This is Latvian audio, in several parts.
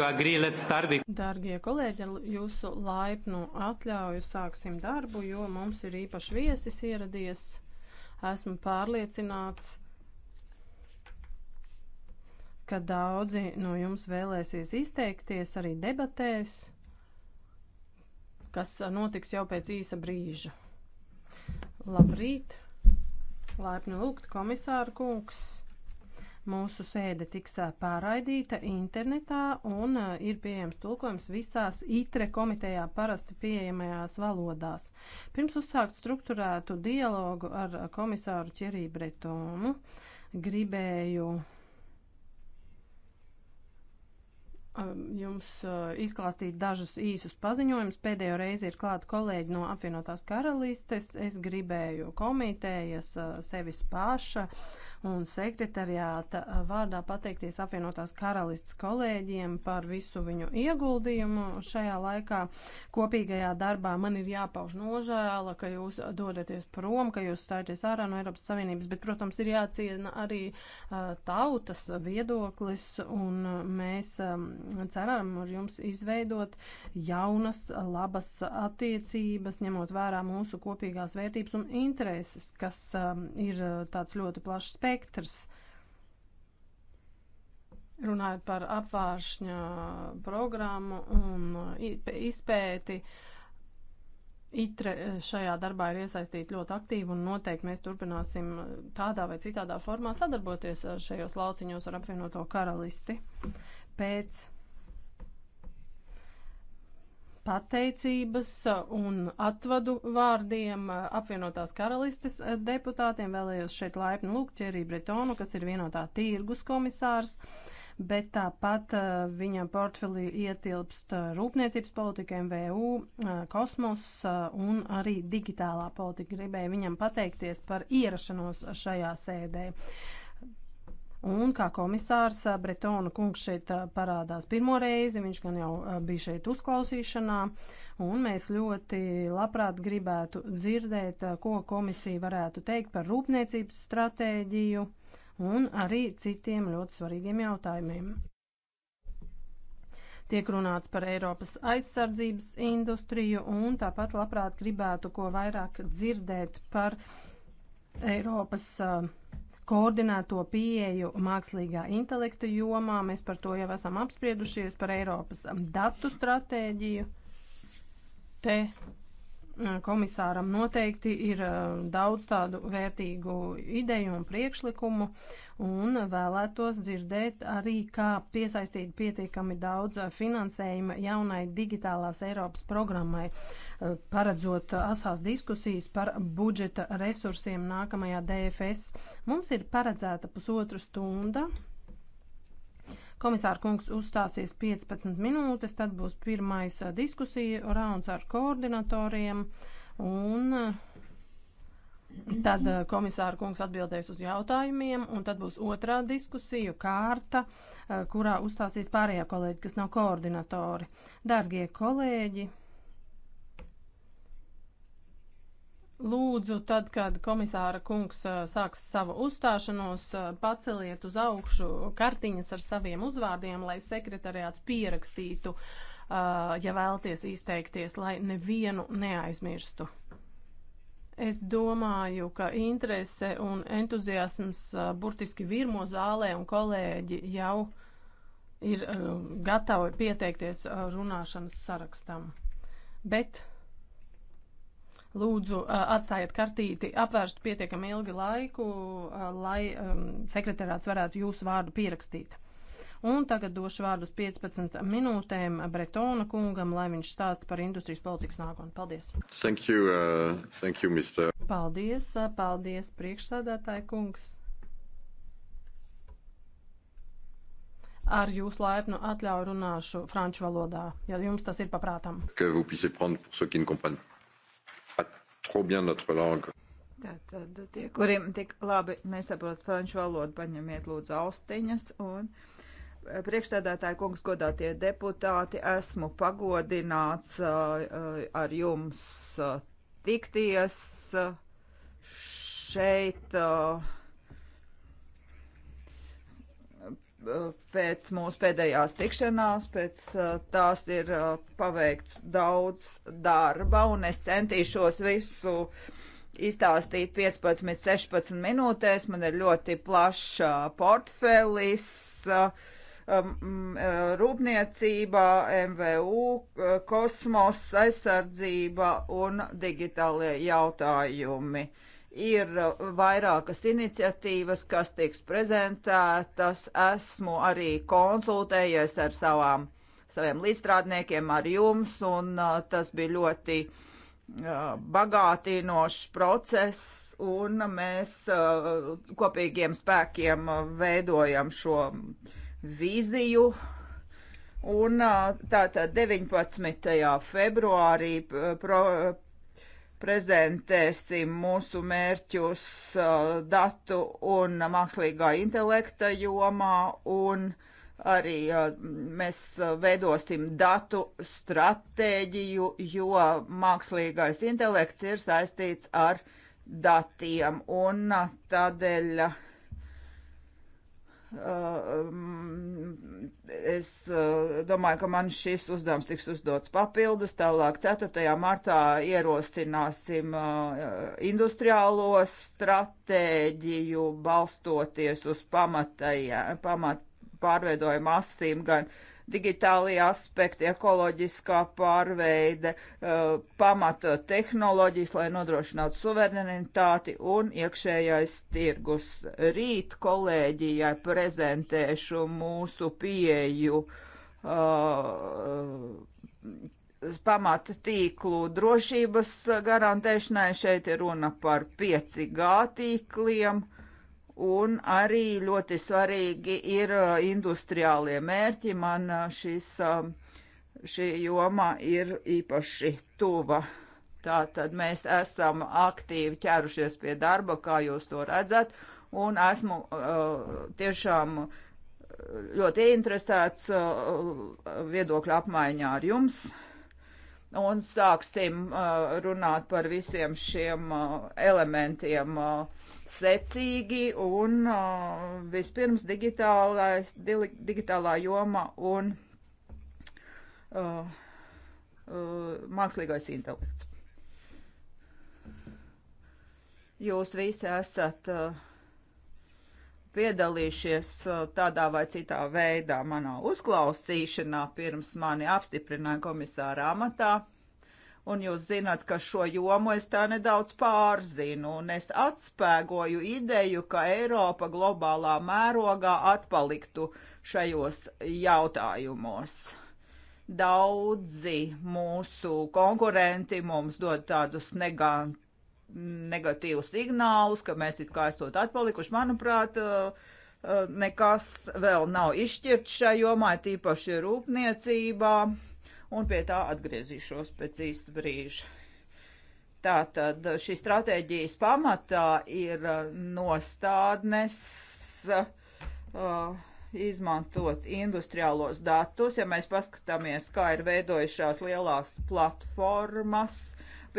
agree, Dargie kolēģi, jūsu laipnu atļauju sāksim darbu, jo mums ir īpaši viesis ieradies. Esmu pārliecināts, ka daudzi no jums vēlēsies izteikties arī debatēs, kas notiks jau pēc īsa brīža. Labrīt! Laipni lūgt, komisāra kungs! Mūsu sēde tiks pārraidīta internetā un ir pieejams tulkojums visās ITRE komitejā parasti pieejamajās valodās. Pirms uzsākt struktūrētu dialogu ar komisāru Čerī Bretonu, gribēju jums izklāstīt dažus īsus paziņojumus. Pēdējo reizi ir klāta kolēģi no apvienotās karalistes. Es gribēju komitejas sevis paša un sekretariāta vārdā pateikties apvienotās karalists kolēģiem par visu viņu ieguldījumu šajā laikā. Kopīgajā darbā man ir jāpauž nožēla, ka jūs dodaties prom, ka jūs stājaties ārā no Eiropas Savienības, bet, protams, ir jāciena arī uh, tautas viedoklis, un mēs um, ceram ar jums izveidot jaunas, labas attiecības, ņemot vērā mūsu kopīgās vērtības un intereses, kas um, ir tāds ļoti plašs spēks spektrs. Runājot par apvāršņa programmu un uh, izpēti, ITRE uh, šajā darbā ir iesaistīta ļoti aktīvi un noteikti mēs turpināsim uh, tādā vai citādā formā sadarboties šajos lauciņos ar apvienoto karalisti. Pēc pateicības un atvadu vārdiem apvienotās karalistes deputātiem. Vēlējos šeit laipni lūgt Čerī Bretonu, kas ir vienotā tirgus komisārs, bet tāpat viņam portfelī ietilpst rūpniecības politika, MVU, kosmos un arī digitālā politika. Gribēju viņam pateikties par ierašanos šajā sēdē. Un kā komisārs eh, Bretona kungs šeit eh, parādās pirmo reizi, viņš gan jau eh, bija šeit uzklausīšanā, un mēs ļoti labprāt gribētu dzirdēt, ko komisija varētu teikt par rūpniecības stratēģiju un arī citiem ļoti svarīgiem jautājumiem. Tiek runāts par Eiropas aizsardzības industriju un tāpat labprāt gribētu ko vairāk dzirdēt par Eiropas uh, koordinēto pieeju mākslīgā intelekta jomā. Mēs par to jau esam apspriedušies, par Eiropas datu stratēģiju. Te Mm, komisāram noteikti ir uh, daudz tādu vērtīgu ideju un priekšlikumu, un vēlētos dzirdēt arī, kā piesaistīt pietiekami daudz uh, finansējuma jaunai digitālās Eiropas programmai, uh, paredzot asās diskusijas par budžeta resursiem nākamajā DFS. Mums ir paredzēta pusotra stunda Komisāra kungs uzstāsies 15 minūtes, tad būs pirmais diskusija rauns ar koordinatoriem un tad komisāra kungs atbildēs uz jautājumiem un tad būs otrā diskusiju kārta, kurā uzstāsies pārējā kolēģi, kas nav koordinatori. Dargie kolēģi! Lūdzu, tad, kad komisāra kungs sāks savu uzstāšanos, paceliet uz augšu kartiņas ar saviem uzvārdiem, lai sekretariāts pierakstītu, ja vēlties izteikties, lai nevienu neaizmirstu. Es domāju, ka interese un entuziasms burtiski virmo zālē un kolēģi jau ir gatavi pieteikties runāšanas sarakstam. Bet Lūdzu, atstājiet kartīti apvērstu pietiekami ilgi laiku, lai um, sekretārāts varētu jūsu vārdu pierakstīt. Un tagad došu vārdu uz 15 minūtēm Bretona kungam, lai viņš stāsta par industrijas politikas nākotni. Paldies! Thank you, uh, thank you, Mr. Paldies, paldies, priekšsādātāji kungs! ar jūsu laipnu atļauju runāšu franču valodā, ja jums tas ir paprātām trop bien notre langue. Tātad tie, kuriem tik labi nesaprot franču valodu, paņemiet lūdzu austiņas un eh, priekšstādātāji kungs godātie deputāti, esmu pagodināts eh, ar jums eh, tikties šeit. pēc mūsu pēdējās tikšanās, pēc tās ir paveikts daudz darba, un es centīšos visu izstāstīt 15, 16 minūtēs. Man ir ļoti plašs portfelis, rūpniecība, MVU, kosmos, aizsardzība un digitālie jautājumi. Uh, ir uh, vairākas iniciatīvas, kas tiks prezentētas. Esmu arī konsultējies ar savām, saviem līdzstrādniekiem, ar jums, un uh, tas bija ļoti uh, bagātinošs process, un mēs uh, kopīgiem spēkiem uh, veidojam šo vīziju. Un uh, tātad 19. februārī pro, prezentēsim mūsu mērķus uh, datu un mākslīgā intelekta jomā un arī uh, mēs uh, veidosim datu stratēģiju, jo mākslīgais intelekts ir saistīts ar datiem un tādēļ Es domāju, ka man šis uzdevums tiks uzdots papildus. Tālāk 4. martā ierosināsim industriālo stratēģiju balstoties uz pamatajā, pamat pārveidojumu asīm gan uh, digitālie aspekti, ekoloģiskā pārveide, eh, pamata tehnoloģijas, lai nodrošinātu suverenitāti un iekšējais tirgus. Rīt kolēģijai prezentēšu mūsu pieju eh, pamata tīklu drošības garantēšanai. Šeit ir runa par 5G tīkliem Un arī ļoti svarīgi ir uh, industriālie mērķi. Man uh, šis, um, šī joma ir īpaši tuva. Tātad mēs esam aktīvi ķērušies pie darba, kā jūs to redzat, un esmu uh, tiešām uh, ļoti interesēts uh, viedokļu apmaiņā ar jums. Un sāksim uh, runāt par visiem šiem uh, elementiem. Uh, secīgi un vispirms digitālais, digitālā joma un uh, uh, mākslīgais intelekts. Jūs visi esat uh, piedalījušies tādā vai citā veidā manā uzklausīšanā, pirms mani apstiprināja komisāra amatā un jūs zināt, ka šo jomu es tā nedaudz pārzinu, un es atspēgoju ideju, ka Eiropa globālā mērogā atpaliktu šajos jautājumos. Daudzi mūsu konkurenti mums dod tādus negan, negatīvus signālus, ka mēs it kā esot atpalikuši, manuprāt, uh, nekas vēl nav izšķirts šajā jomā, tīpaši rūpniecībā un pie tā atgriezīšos pēc īsta brīža. Tātad šī stratēģijas pamatā ir uh, nostādnes uh, izmantot industriālos datus. Ja mēs paskatāmies, kā ir veidojušās lielās platformas,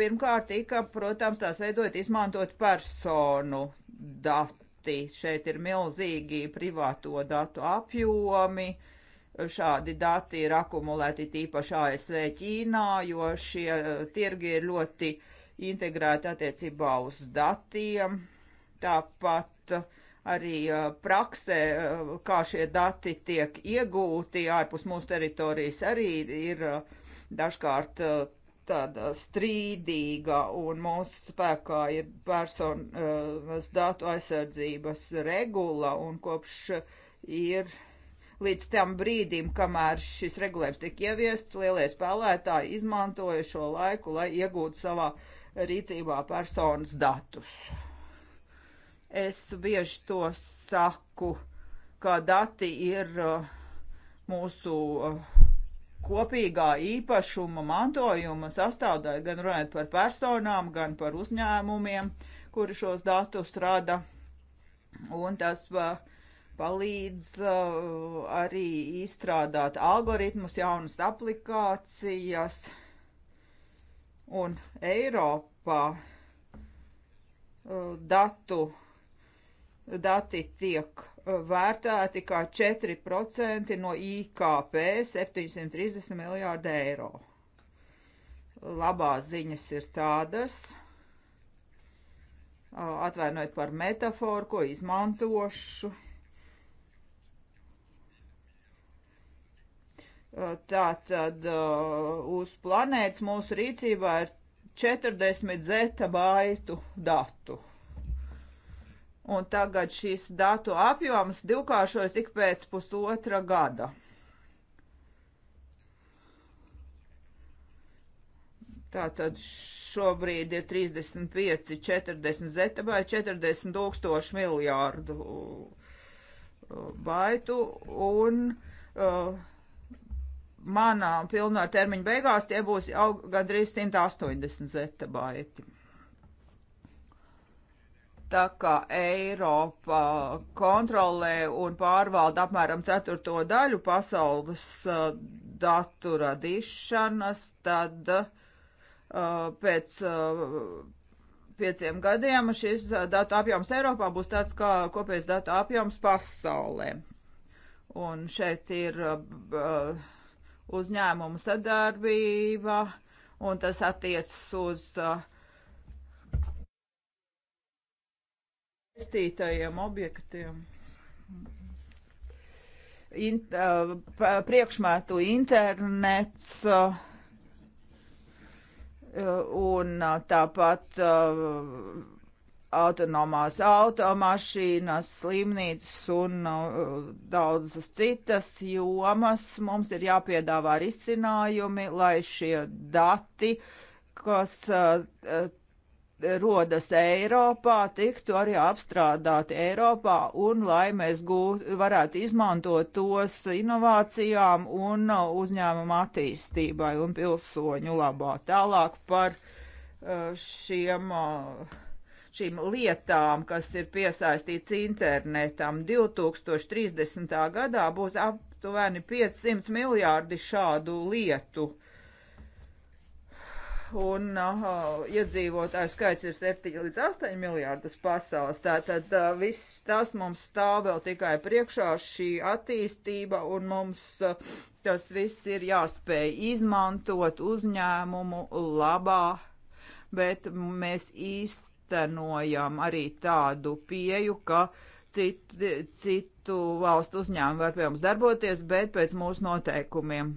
pirmkārt tika, protams, tās veidojot izmantot personu dati. Šeit ir milzīgi privāto datu apjomi. Uh, šādi dati ir akumulēti tīpaši ASV Ķīnā, jo šie tirgi ir ļoti integrēti attiecībā uz datiem. Tāpat arī praksē, kā šie dati tiek iegūti ārpus mūsu teritorijas, arī ir dažkārt tāda strīdīga un mūsu spēkā ir personas datu aizsardzības regula un kopš ir uh, Līdz tam brīdim, kamēr šis regulējums tika ieviests, lielie spēlētāji izmantoja šo laiku, lai iegūtu savā rīcībā personas datus. Es bieži to saku, ka dati ir uh, mūsu uh, kopīgā īpašuma mantojuma sastāvdaļa, gan runājot par personām, gan par uzņēmumiem, kuri šos datus rada. Un tas uh, palīdz uh, arī izstrādāt algoritmus, jaunas aplikācijas. Un Eiropā uh, datu, dati tiek uh, vērtēti kā 4% no IKP 730 miljārdu eiro. Labās ziņas ir tādas, uh, atvainojiet par metaforu, ko izmantošu, Tātad uh, uz planētas mūsu rīcībā ir 40 zeta baitu datu. Un tagad šīs datu apjoms divkāršojas ik pēc pusotra gada. Tātad šobrīd ir 35, 40 zeta vai 40 tūkstoši miljārdu uh, baitu un uh, manā pilnā termiņa beigās tie būs jau gandrīz 180 zetabaiti. Tā kā Eiropa kontrolē un pārvalda apmēram ceturto daļu pasaules uh, datu radīšanas, tad uh, pēc uh, pieciem gadiem šis uh, datu apjoms Eiropā būs tāds kā kopējs datu apjoms pasaulē. Un šeit ir uh, uzņēmumu sadarbība, un tas attiecas uz uh, saistītajiem uh, objektiem. In, uh, priekšmetu internets. Uh, un uh, tāpat uh, autonomās automašīnas, slimnīcas un uh, daudzas citas jomas. Mums ir jāpiedāvā risinājumi, lai šie dati, kas uh, uh rodas Eiropā, tiktu arī apstrādāti Eiropā un lai mēs gūt, varētu izmantot tos inovācijām un uh, uzņēmumu attīstībai un pilsoņu labā. Tālāk par uh, šiem uh, šīm lietām, kas ir piesaistīts internetam. 2030. gadā būs aptuveni 500 miljārdi šādu lietu. Un uh, iedzīvotāju skaits ir 7 līdz 8 miljārdus pasaules. Tātad uh, viss tas mums stāv vēl tikai priekšā šī attīstība, un mums uh, tas viss ir jāspēj izmantot uzņēmumu labā, bet mēs īsti īstenojam arī tādu pieju, ka citu, citu valstu uzņēmumu var pie mums darboties, bet pēc mūsu noteikumiem.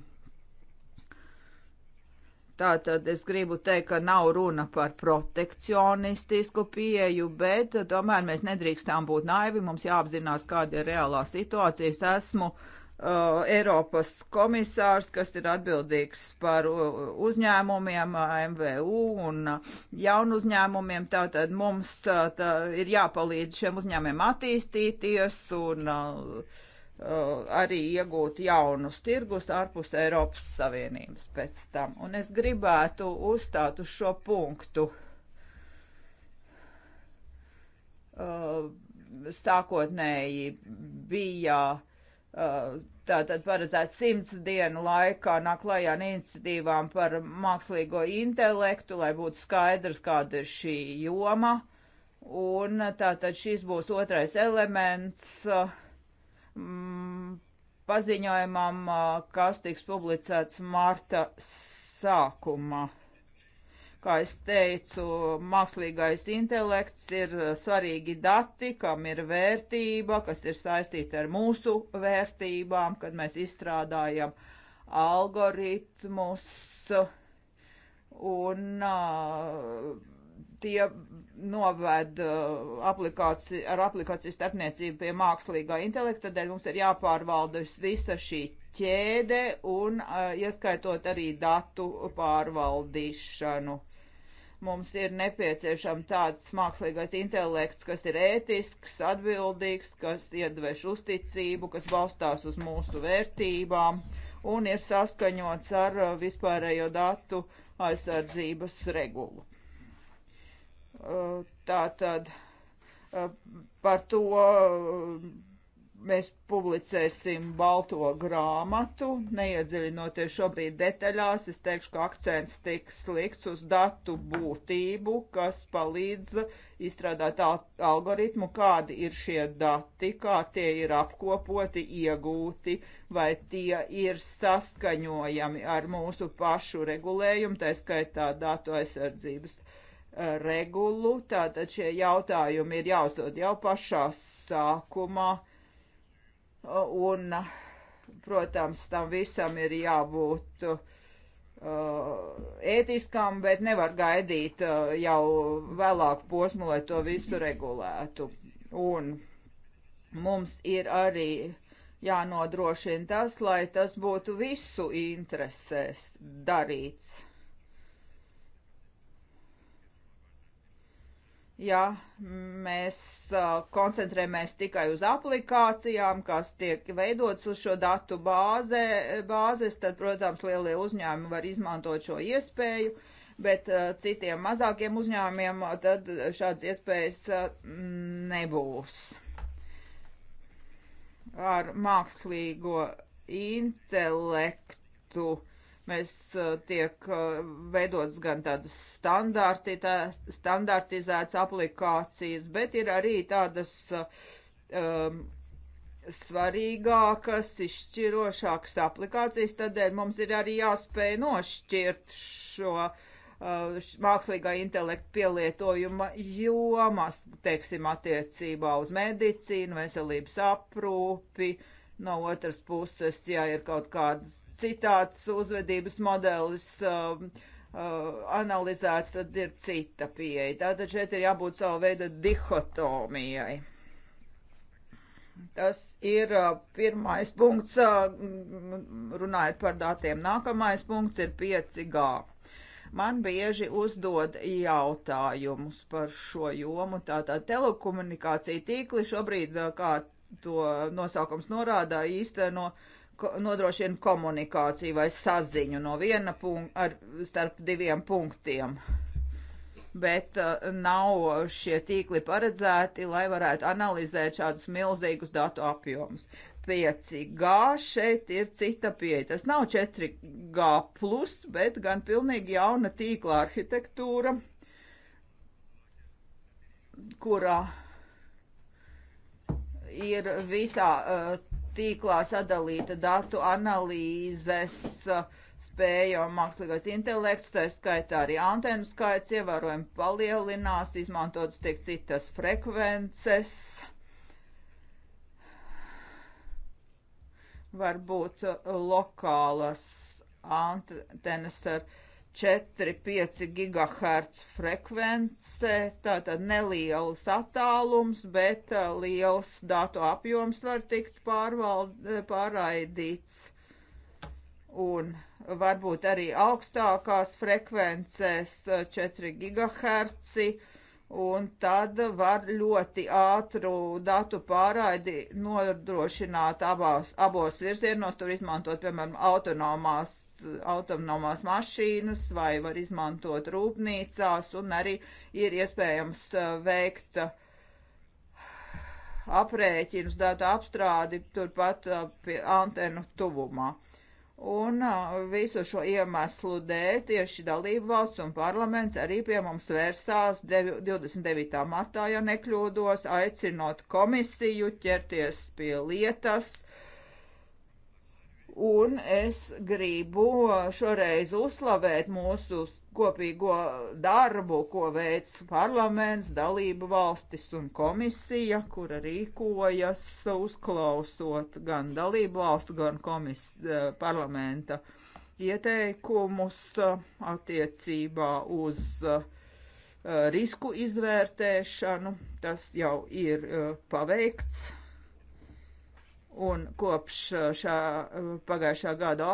Tātad es gribu teikt, ka nav runa par protekcionistisku pieju, bet tomēr mēs nedrīkstām būt naivi, mums jāapzinās, kāda ir reālā situācija. Es esmu uh, Uh, Eiropas komisārs, kas ir atbildīgs par uh, uzņēmumiem, uh, MVU un uh, jaunu uzņēmumiem. Tātad mums tā, ir jāpalīdz šiem uzņēmumiem attīstīties un uh, arī iegūt jaunus tirgus ārpus Eiropas Savienības pēc tam. Un es gribētu uzstāt uz šo punktu. Uh, sākotnēji bija uh, Tātad paredzēts simts dienu laikā nāk klajā ar iniciatīvām par mākslīgo intelektu, lai būtu skaidrs, kāda ir šī joma. Un tātad šis būs otrais elements mm, paziņojumam, kas tiks publicēts marta sākumā. Kā es teicu, mākslīgais intelekts ir eh, svarīgi dati, kam ir vērtība, kas ir saistīta ar mūsu vērtībām, kad mēs izstrādājam algoritmus un uh, tie noved uh, eh, aplikāciju, ar aplikāciju starpniecību pie mākslīgā intelekta, tādēļ mums ir jāpārvalda visa šī ķēde un ieskaitot arī datu pārvaldīšanu. Mums ir nepieciešama tāds mākslīgais intelekts, kas ir ētisks, atbildīgs, kas iedveš uzticību, kas balstās uz mūsu vērtībām un ir saskaņots ar vispārējo datu aizsardzības regulu. Tā tad par to mēs publicēsim balto grāmatu, neiedziļinoties šobrīd detaļās, es teikšu, ka akcents tiks slikts uz datu būtību, kas palīdz izstrādāt algoritmu, kādi ir šie dati, kā tie ir apkopoti, iegūti, vai tie ir saskaņojami ar mūsu pašu regulējumu, tā skaitā datu aizsardzības e, regulu. Tātad šie jautājumi ir jāuzdod jau pašā sākumā un, protams, tam visam ir jābūt uh, ētiskam, bet nevar gaidīt uh, jau vēlāku posmu, lai to visu regulētu. Un mums ir arī jānodrošina tas, lai tas būtu visu interesēs darīts ja mēs koncentrējamies tikai uz aplikācijām, kas tiek veidotas uz šo datu bāzē, bāzes, tad, protams, lielie uzņēmumi var izmantot šo iespēju, bet citiem mazākiem uzņēmumiem tad šādas iespējas nebūs. Ar mākslīgo intelektu Mēs eh, tiek eh, veidotas gan tādas standartizētas aplikācijas, bet ir arī tādas eh, um, svarīgākas, izšķirošākas aplikācijas, tādēļ mums ir arī jāspēj nošķirt šo uh, mākslīgā intelekta pielietojuma jomas, teiksim, attiecībā uz medicīnu, veselības aprūpi, uh, No otras puses, ja ir kaut kāds citāds uzvedības modelis, uh, uh, analizēts, tad ir cita pieeja. Tātad šeit ir jābūt savu veidu dihotomijai. Tas ir uh, pirmais punkts, uh, runājot par datiem. Nākamais punkts ir 5G. Man bieži uzdod jautājumus par šo jomu. Tātad telekomunikācija tīkli šobrīd uh, kā to nosaukums norādā, īsteno nodrošina komunikāciju vai saziņu no viena punkta ar, starp diviem punktiem. Bet uh, nav šie tīkli paredzēti, lai varētu analizēt šādus milzīgus datu apjomus. 5G šeit ir cita pieeja. Tas nav 4G, plus, bet gan pilnīgi jauna tīkla arhitektūra, kurā uh, ir visā eh, tīklā sadalīta datu analīzes eh, spēja un mākslīgais intelekts, tā skaitā arī antenu skaits ievērojami palielinās, izmantotas tiek citas frekvences. Varbūt eh, lokālas antenas ar 4,5 GHz frekvence, tātad neliels attālums, bet uh, liels datu apjoms var tikt pārvald, eh, pārraidīts. Un varbūt arī augstākās frekvences 4 eh, GHz un tad var ļoti ātru datu pārraidi nodrošināt abās, abos virzienos, tur izmantot, piemēram, autonomās, autonomās mašīnas vai var izmantot rūpnīcās, un arī ir iespējams uh, veikt uh, aprēķinus datu apstrādi turpat uh, pie antenu tuvumā. Un visu šo iemeslu dēļ tieši dalību valsts un parlaments arī pie mums vērsās 29. martā, ja nekļūdos, aicinot komisiju ķerties pie lietas. Un es gribu šoreiz uzslavēt mūsu kopīgo darbu, ko veic parlaments, dalību valstis un komisija, kura rīkojas uzklausot gan dalību valstu, gan komis, eh, parlamenta ieteikumus eh, attiecībā uz eh, risku izvērtēšanu. Tas jau ir paveikts. Un kopš šā pagājušā gada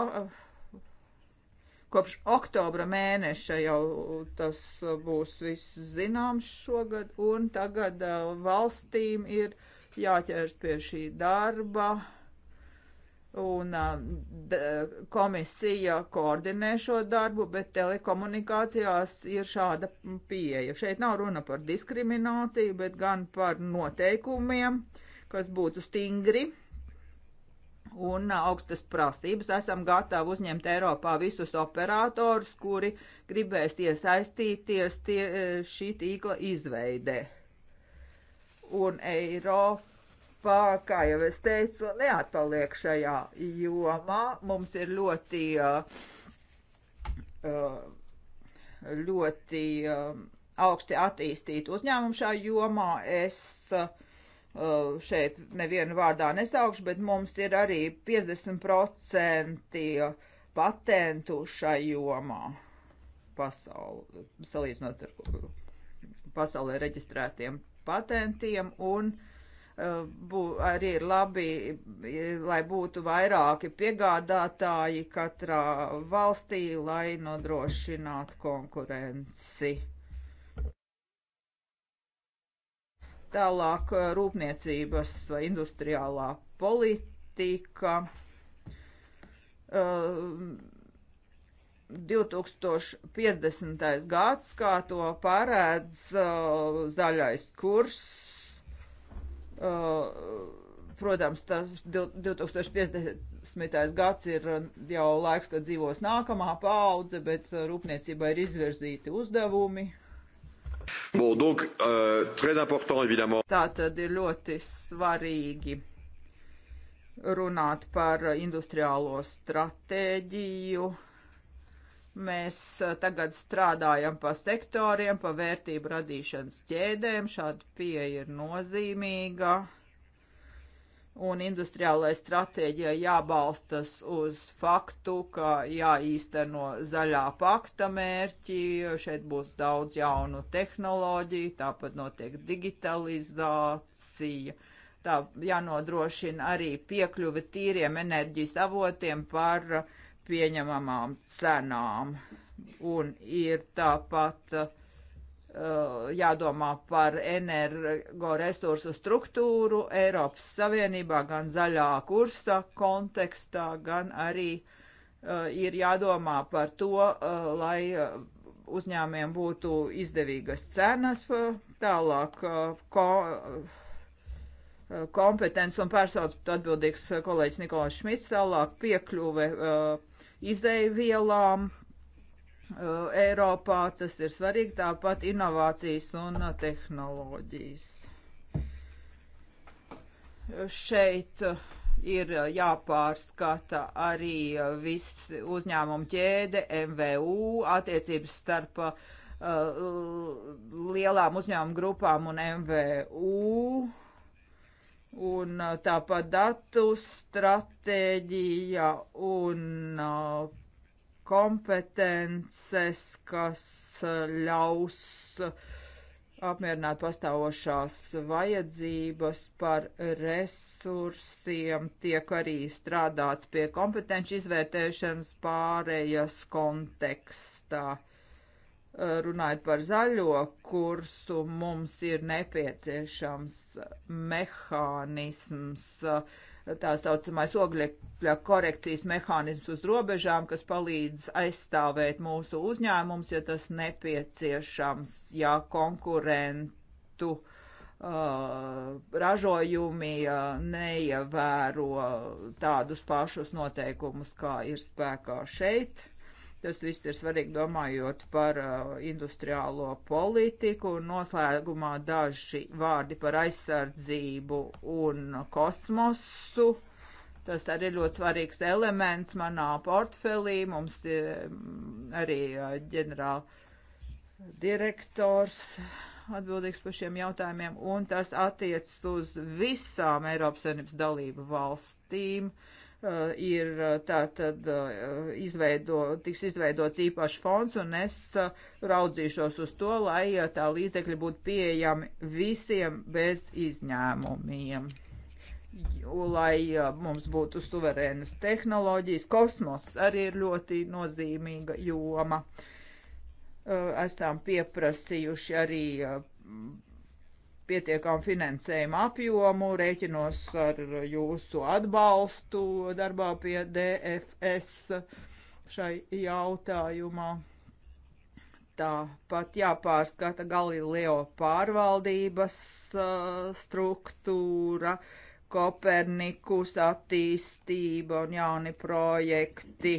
Kopš oktobra mēneša jau tas uh, būs viss zināms šogad, un tagad uh, valstīm ir jāķers pie šī darba, un uh, komisija koordinē šo darbu, bet telekomunikācijās ir šāda pieeja. Šeit nav runa par diskrimināciju, bet gan par noteikumiem, kas būtu stingri un uh, augstas prasības. Esam gatavi uzņemt Eiropā visus operatorus, kuri gribēs iesaistīties tie, eh, šī tīkla izveidē. Un Eiropā, kā jau es teicu, neatpaliek šajā jomā. Mums ir ļoti, uh, uh, ļoti um, augsti attīstīti uzņēmumi šajā jomā. Es Eh, šeit nevienu vārdā nesaukšu, bet mums ir arī 50% eh, patentu šai jomā pasauli, salīdzinot ar pasaulē reģistrētiem patentiem un eh, bū, arī ir labi, lai būtu vairāki piegādātāji katrā valstī, lai nodrošinātu konkurenci. Tālāk eh, rūpniecības vai industriālā politika. 2050. Eh, gads, kā to paredz eh, zaļais kurs. Protams, tas 2050. gads ir jau laiks, kad dzīvos nākamā paudze, bet rūpniecībai ir izvirzīti uzdevumi, Bon, donc, euh, très important, évidemment. Tā tad ir ļoti svarīgi runāt par industriālo stratēģiju. Mēs uh, tagad strādājam pa sektoriem, pa vērtību radīšanas ķēdēm. Šāda pieeja ir nozīmīga. Uh, un industriālai stratēģija jābalstas uz faktu, ka jāīsteno zaļā pakta mērķi, šeit būs daudz jaunu tehnoloģiju, tāpat notiek digitalizācija. Tā jānodrošina arī piekļuve tīriem enerģijas avotiem par pieņemamām cenām. Un ir tāpat uh, Eh, jādomā par energoresursu struktūru Eiropas Savienībā gan zaļā kursa kontekstā, gan arī uh, ir jādomā par to, uh, lai uzņēmiem būtu izdevīgas cenas, tālāk uh, ko, kompetence un personas atbildīgs kolēģis Nikolais Šmits, tālāk piekļuve izdevielām, Eh, Eiropā tas ir svarīgi, tāpat inovācijas un eh, tehnoloģijas. Eh, šeit ir jāpārskata arī viss uzņēmumu ķēde, MVU, attiecības starp uh, lielām uzņēmumu grupām un MVU. Un tāpat datu stratēģija un uh, kompetences, kas eh, ļaus apmierināt pastāvošās vajadzības par resursiem, tiek arī strādāts pie kompetenci izvērtēšanas pārējas kontekstā. Eh, runājot par zaļo kursu, mums ir nepieciešams eh, mehānisms uh, tā saucamais oglekļa korekcijas mehānisms uz robežām, kas palīdz aizstāvēt mūsu uzņēmums, ja tas nepieciešams, ja konkurentu uh, ražojumi uh, neievēro tādus pašus noteikumus, kā ir spēkā šeit. Tas viss ir svarīgi domājot par uh, industriālo politiku un noslēgumā daži vārdi par aizsardzību un kosmosu. Tas arī ir ļoti svarīgs elements manā portfelī. Mums ir e, arī uh, ģenerāla direktors atbildīgs par šiem jautājumiem, un tas attiecas uz visām Eiropas Savienības dalību valstīm. Uh, Eh, ir eh, tātad eh, izveido, tiks izveidots īpašs fonds, un es raudzīšos uz to, lai tā līdzekļi būtu pieejami visiem bez izņēmumiem. Lai mums būtu suverēnas tehnoloģijas, kosmos arī ir ļoti nozīmīga joma. Esam pieprasījuši arī pietiekam finansējuma apjomu, rēķinos ar jūsu atbalstu darbā pie DFS šai jautājumā. Tāpat jāpārskata Galileo pārvaldības struktūra, Kopernikus attīstība un jauni projekti,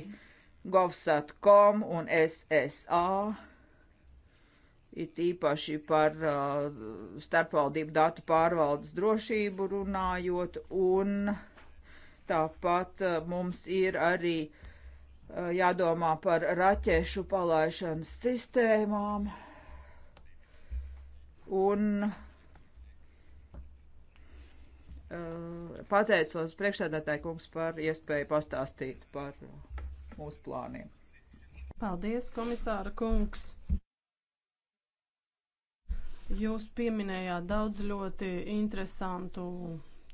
Govsatcom un SSA it īpaši par uh, starpvaldību datu pārvaldes drošību runājot, un tāpat uh, mums ir arī uh, jādomā par raķešu palaišanas sistēmām, un uh, pateicos priekšsēdētāju kungs par iespēju pastāstīt par mūsu plāniem. Paldies, komisāra kungs! Jūs pieminējāt daudz ļoti interesantu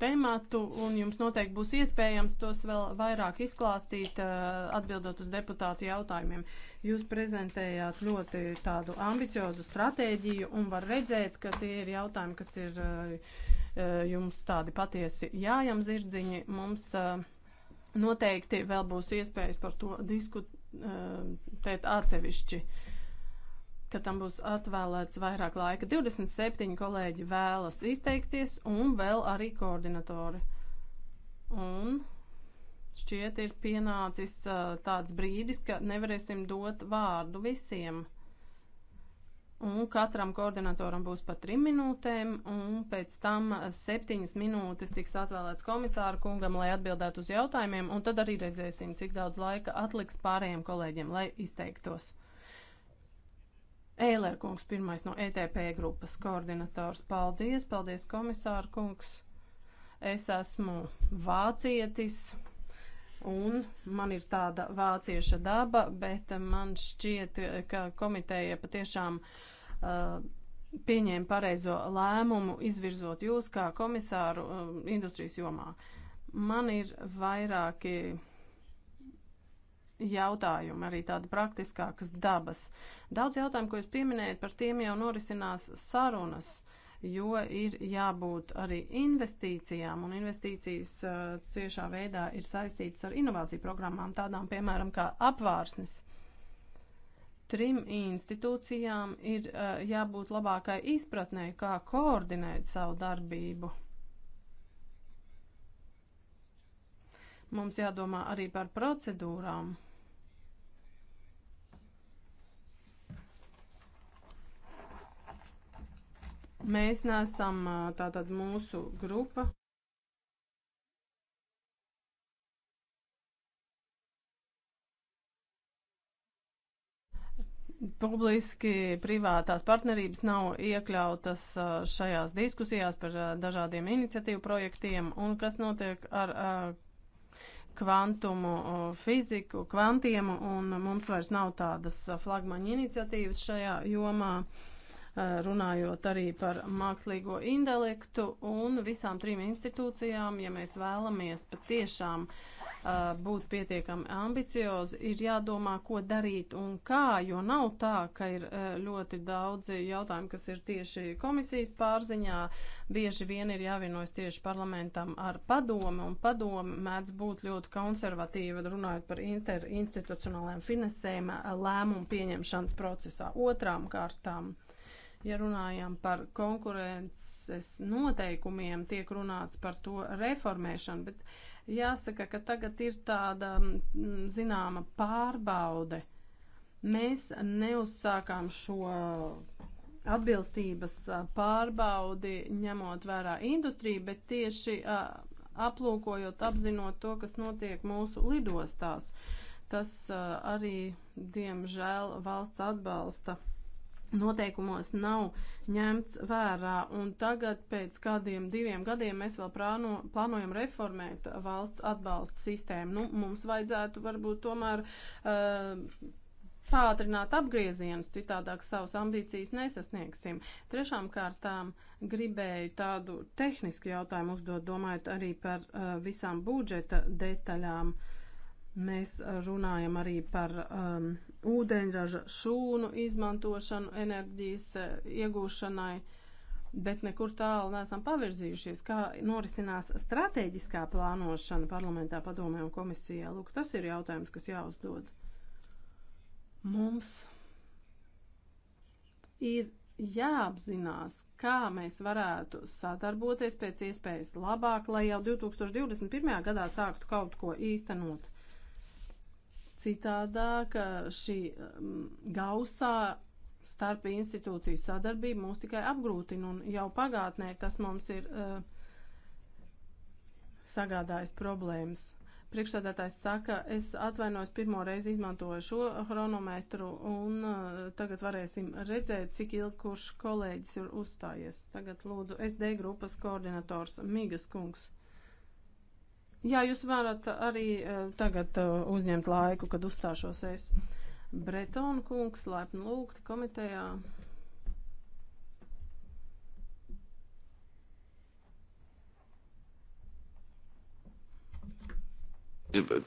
tematu, un jums noteikti būs iespējams tos vēl vairāk izklāstīt, eh, atbildot uz deputātu jautājumiem. Jūs prezentējāt ļoti tādu ambiciozu stratēģiju, un var redzēt, ka tie ir jautājumi, kas ir eh, eh, jums tādi patiesi jājam zirdziņi. Mums noteikti vēl būs iespējas par to diskutēt atsevišķi ka tam būs atvēlēts vairāk laika. 27 kolēģi vēlas izteikties un vēl arī koordinatori. Un šķiet ir pienācis tāds brīdis, ka nevarēsim dot vārdu visiem. Un katram koordinatoram būs pa trim minūtēm, un pēc tam septiņas minūtes tiks atvēlēts komisāra kungam, lai atbildētu uz jautājumiem, un tad arī redzēsim, cik daudz laika atliks pārējiem kolēģiem, lai izteiktos. Ēlērkungs, pirmais no ETP grupas koordinators. Paldies, paldies, komisāra kungs. Es esmu vācietis. Un man ir tāda vācieša daba, bet man šķiet, ka komiteja patiešām uh, pieņēma pareizo lēmumu, izvirzot jūs kā komisāru uh, industrijas jomā. Man ir vairāki jautājumi, arī tādi praktiskākas dabas. Daudz jautājumu, ko jūs pieminējat, par tiem jau norisinās sarunas, jo ir jābūt arī investīcijām, un investīcijas uh, ciešā veidā ir saistītas ar inovāciju programmām, tādām piemēram kā apvārsnes trim institūcijām ir uh, jābūt labākai izpratnē, kā koordinēt savu darbību. Mums jādomā arī par procedūrām. Mēs nesam tātad mūsu grupa. Publiski privātās partnerības nav iekļautas šajās diskusijās par dažādiem iniciatīvu projektiem un kas notiek ar kvantumu fiziku, kvantiem, un mums vairs nav tādas flagmaņa iniciatīvas šajā jomā. Uh, Eh, runājot arī par mākslīgo intelektu un visām trim institūcijām, ja mēs vēlamies patiešām eh, būt pietiekami ambiciozi, ir jādomā, ko darīt un kā, jo nav tā, ka ir eh, ļoti daudzi jautājumi, kas ir tieši komisijas pārziņā, bieži vien ir jāvienojas tieši parlamentam ar padomu, un padomu mēdz būt ļoti konservatīva, runājot par interinstitucionālajām finansējuma lēmumu pieņemšanas procesā otrām kārtām. Ja runājam par konkurences noteikumiem, tiek runāts par to reformēšanu, bet jāsaka, ka tagad ir tāda mm, zināma pārbaude. Mēs neuzsākām šo atbilstības pārbaudi, ņemot vērā industriju, bet tieši aplūkojot, apzinot to, kas notiek mūsu lidostās. Tas arī, diemžēl, valsts atbalsta noteikumos nav ņemts vērā. Un tagad pēc kādiem diviem gadiem mēs vēl prāno, plānojam reformēt valsts atbalsta sistēmu. Nu, mums vajadzētu varbūt tomēr. Uh, Pātrināt apgriezienus, citādāk savus ambīcijas nesasniegsim. Trešām kārtām gribēju tādu tehnisku jautājumu uzdot, domājot arī par uh, visām budžeta detaļām. Uh, Mēs eh, runājam arī par um, ūdeņraža šūnu izmantošanu enerģijas uh, iegūšanai, bet nekur tālu neesam pavirzījušies, kā norisinās strateģiskā plānošana parlamentā, padomē un komisijā. Lūk, tas ir jautājums, kas jāuzdod. Mums ir jāapzinās, kā mēs varētu sadarboties pēc iespējas labāk, lai jau 2021. gadā sāktu kaut ko īstenot. Citādāk šī mm, gausā starp institūciju sadarbība mūs tikai apgrūtina un jau pagātnē tas mums ir uh, sagādājis problēmas priekšsēdētājs saka, es atvainojos pirmo reizi izmantoju šo chronometru un uh, tagad varēsim redzēt, cik ilgi kurš kolēģis ir uzstājies. Tagad lūdzu SD grupas koordinators Migas kungs. Jā, jūs varat arī uh, tagad uh, uzņemt laiku, kad uzstāšos es. Bretona kungs, laipni lūgti komitejā.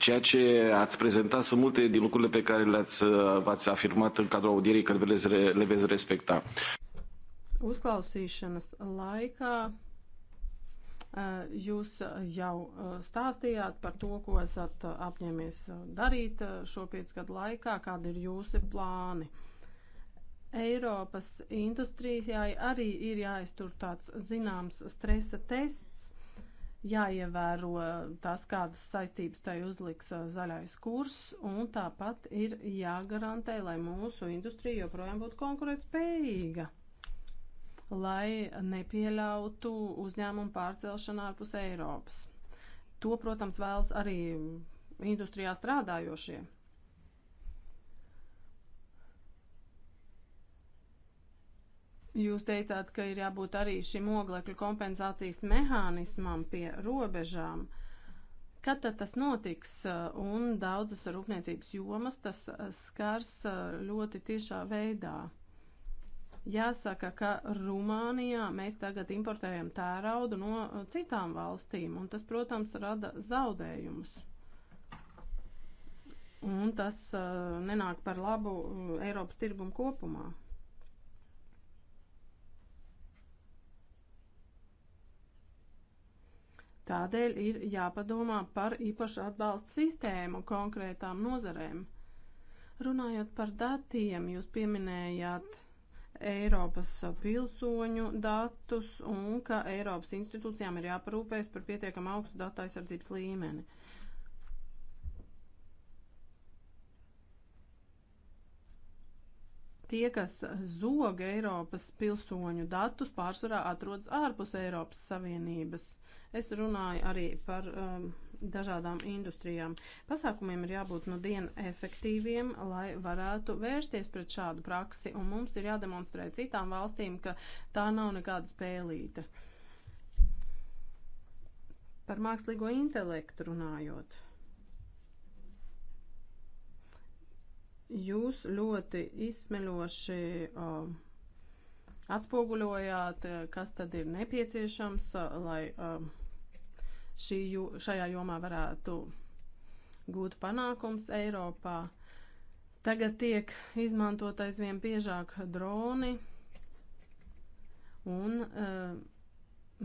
Ceea ce ați prezentat sunt multe din lucrurile pe care le-ați eh, ați afirmat în cadrul audierii că le veți, le veți respecta. Uzklausīšanas laikā Eh, jūs eh, jau eh, stāstījāt par to, ko esat apņēmies darīt šo piecgadu laikā, kādi ir jūsu plāni. Eiropas industrijai arī ir jāiztur tāds zināms stresa tests, jāievēro tās, kādas saistības tai uzliks zaļais kurs, un tāpat ir jāgarantē, lai mūsu industrija joprojām būtu konkurētspējīga. spējīga lai nepieļautu uzņēmumu pārcelšanu ārpus Eiropas. To, protams, vēlas arī industrijā strādājošie. Jūs teicāt, ka ir jābūt arī šim oglekļu kompensācijas mehānismam pie robežām. Kad tad tas notiks un daudzas rūpniecības jomas tas skars ļoti tiešā veidā? Jāsaka, ka Rumānijā mēs tagad importējam tēraudu no uh, citām valstīm, un tas, protams, rada zaudējumus. Un tas uh, nenāk par labu uh, Eiropas tirgumu kopumā. Tādēļ ir jāpadomā par īpašu atbalstu sistēmu konkrētām nozarēm. Runājot par datiem, jūs pieminējāt Eiropas pilsoņu datus un ka Eiropas institūcijām ir jāparūpējas par pietiekam augstu datu aizsardzības līmeni. Tie, kas zog Eiropas pilsoņu datus, pārsvarā atrodas ārpus Eiropas Savienības. Es runāju arī par um, dažādām industrijām. Pasākumiem ir jābūt no diena efektīviem, lai varētu vērsties pret šādu praksi, un mums ir jādemonstrē citām valstīm, ka tā nav nekāda spēlīta. Par mākslīgo intelektu runājot. Jūs ļoti izsmeļoši uh, atspoguļojāt, kas tad ir nepieciešams, uh, lai uh, šī, šajā jomā varētu gūt panākums Eiropā. Tagad tiek izmantot aizvien biežāk droni un uh,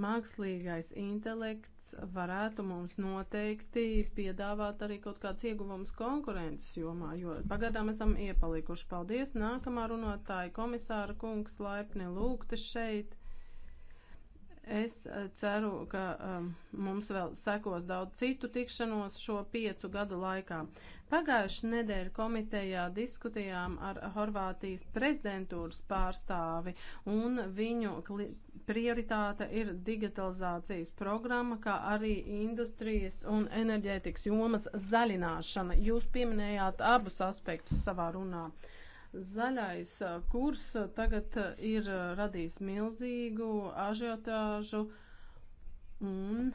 mākslīgais intelekts varētu mums noteikti piedāvāt arī kaut kāds ieguvums konkurences jomā, jo pagadām esam iepalikuši. Paldies! Nākamā runātāja komisāra kungs laipni lūgta šeit. Es eh, ceru, ka um, mums vēl sekos daudz citu tikšanos šo piecu gadu laikā. Pagājušajā nedēļā komitejā diskutējām ar Horvātijas prezidentūras pārstāvi, un viņu prioritāte ir digitalizācijas programma, kā arī industrijas un enerģētikas jomas zaļināšana. Jūs pieminējāt abus aspektus savā runā. Uh, Zaļais kurs tagad ir radījis milzīgu ažiotāžu un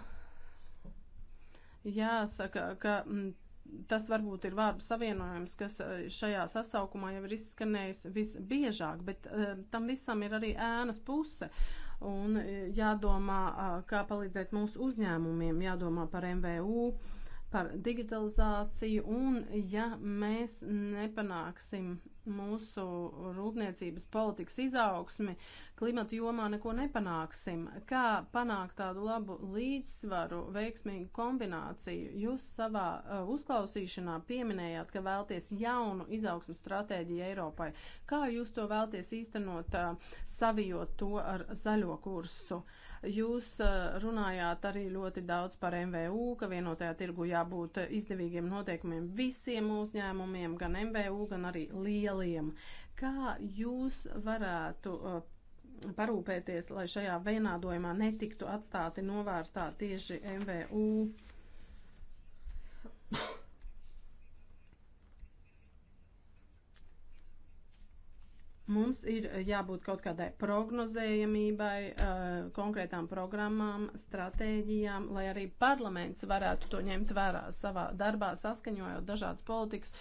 jāsaka, ka tas varbūt ir vārdu savienojums, kas šajā sasaukumā jau ir izskanējis visbiežāk, bet tam visam ir arī ēnas puse. Un jādomā, kā palīdzēt mūsu uzņēmumiem, jādomā par MVU. Uh, par digitalizāciju, un ja mēs nepanāksim mūsu rūpniecības politikas izaugsmi, klimata jomā neko nepanāksim. Kā panākt tādu labu līdzsvaru, veiksmīgu kombināciju? Jūs savā uh, uzklausīšanā pieminējāt, ka vēlties jaunu izaugsmas stratēģiju Eiropai. Kā jūs to vēlties īstenot, uh, savijot to ar zaļo kursu? Uh, Jūs eh, runājāt arī ļoti daudz par MVU, ka vienotajā tirgu jābūt izdevīgiem noteikumiem visiem uzņēmumiem, gan MVU, gan arī lieliem. Kā jūs varētu eh, parūpēties, lai šajā vienādojumā netiktu atstāti novārtā tieši MVU? Mums ir eh, jābūt kaut kādai prognozējamībai, eh, konkrētām programmām, stratēģijām, lai arī parlaments varētu to ņemt vērā savā darbā, saskaņojot dažādas politikas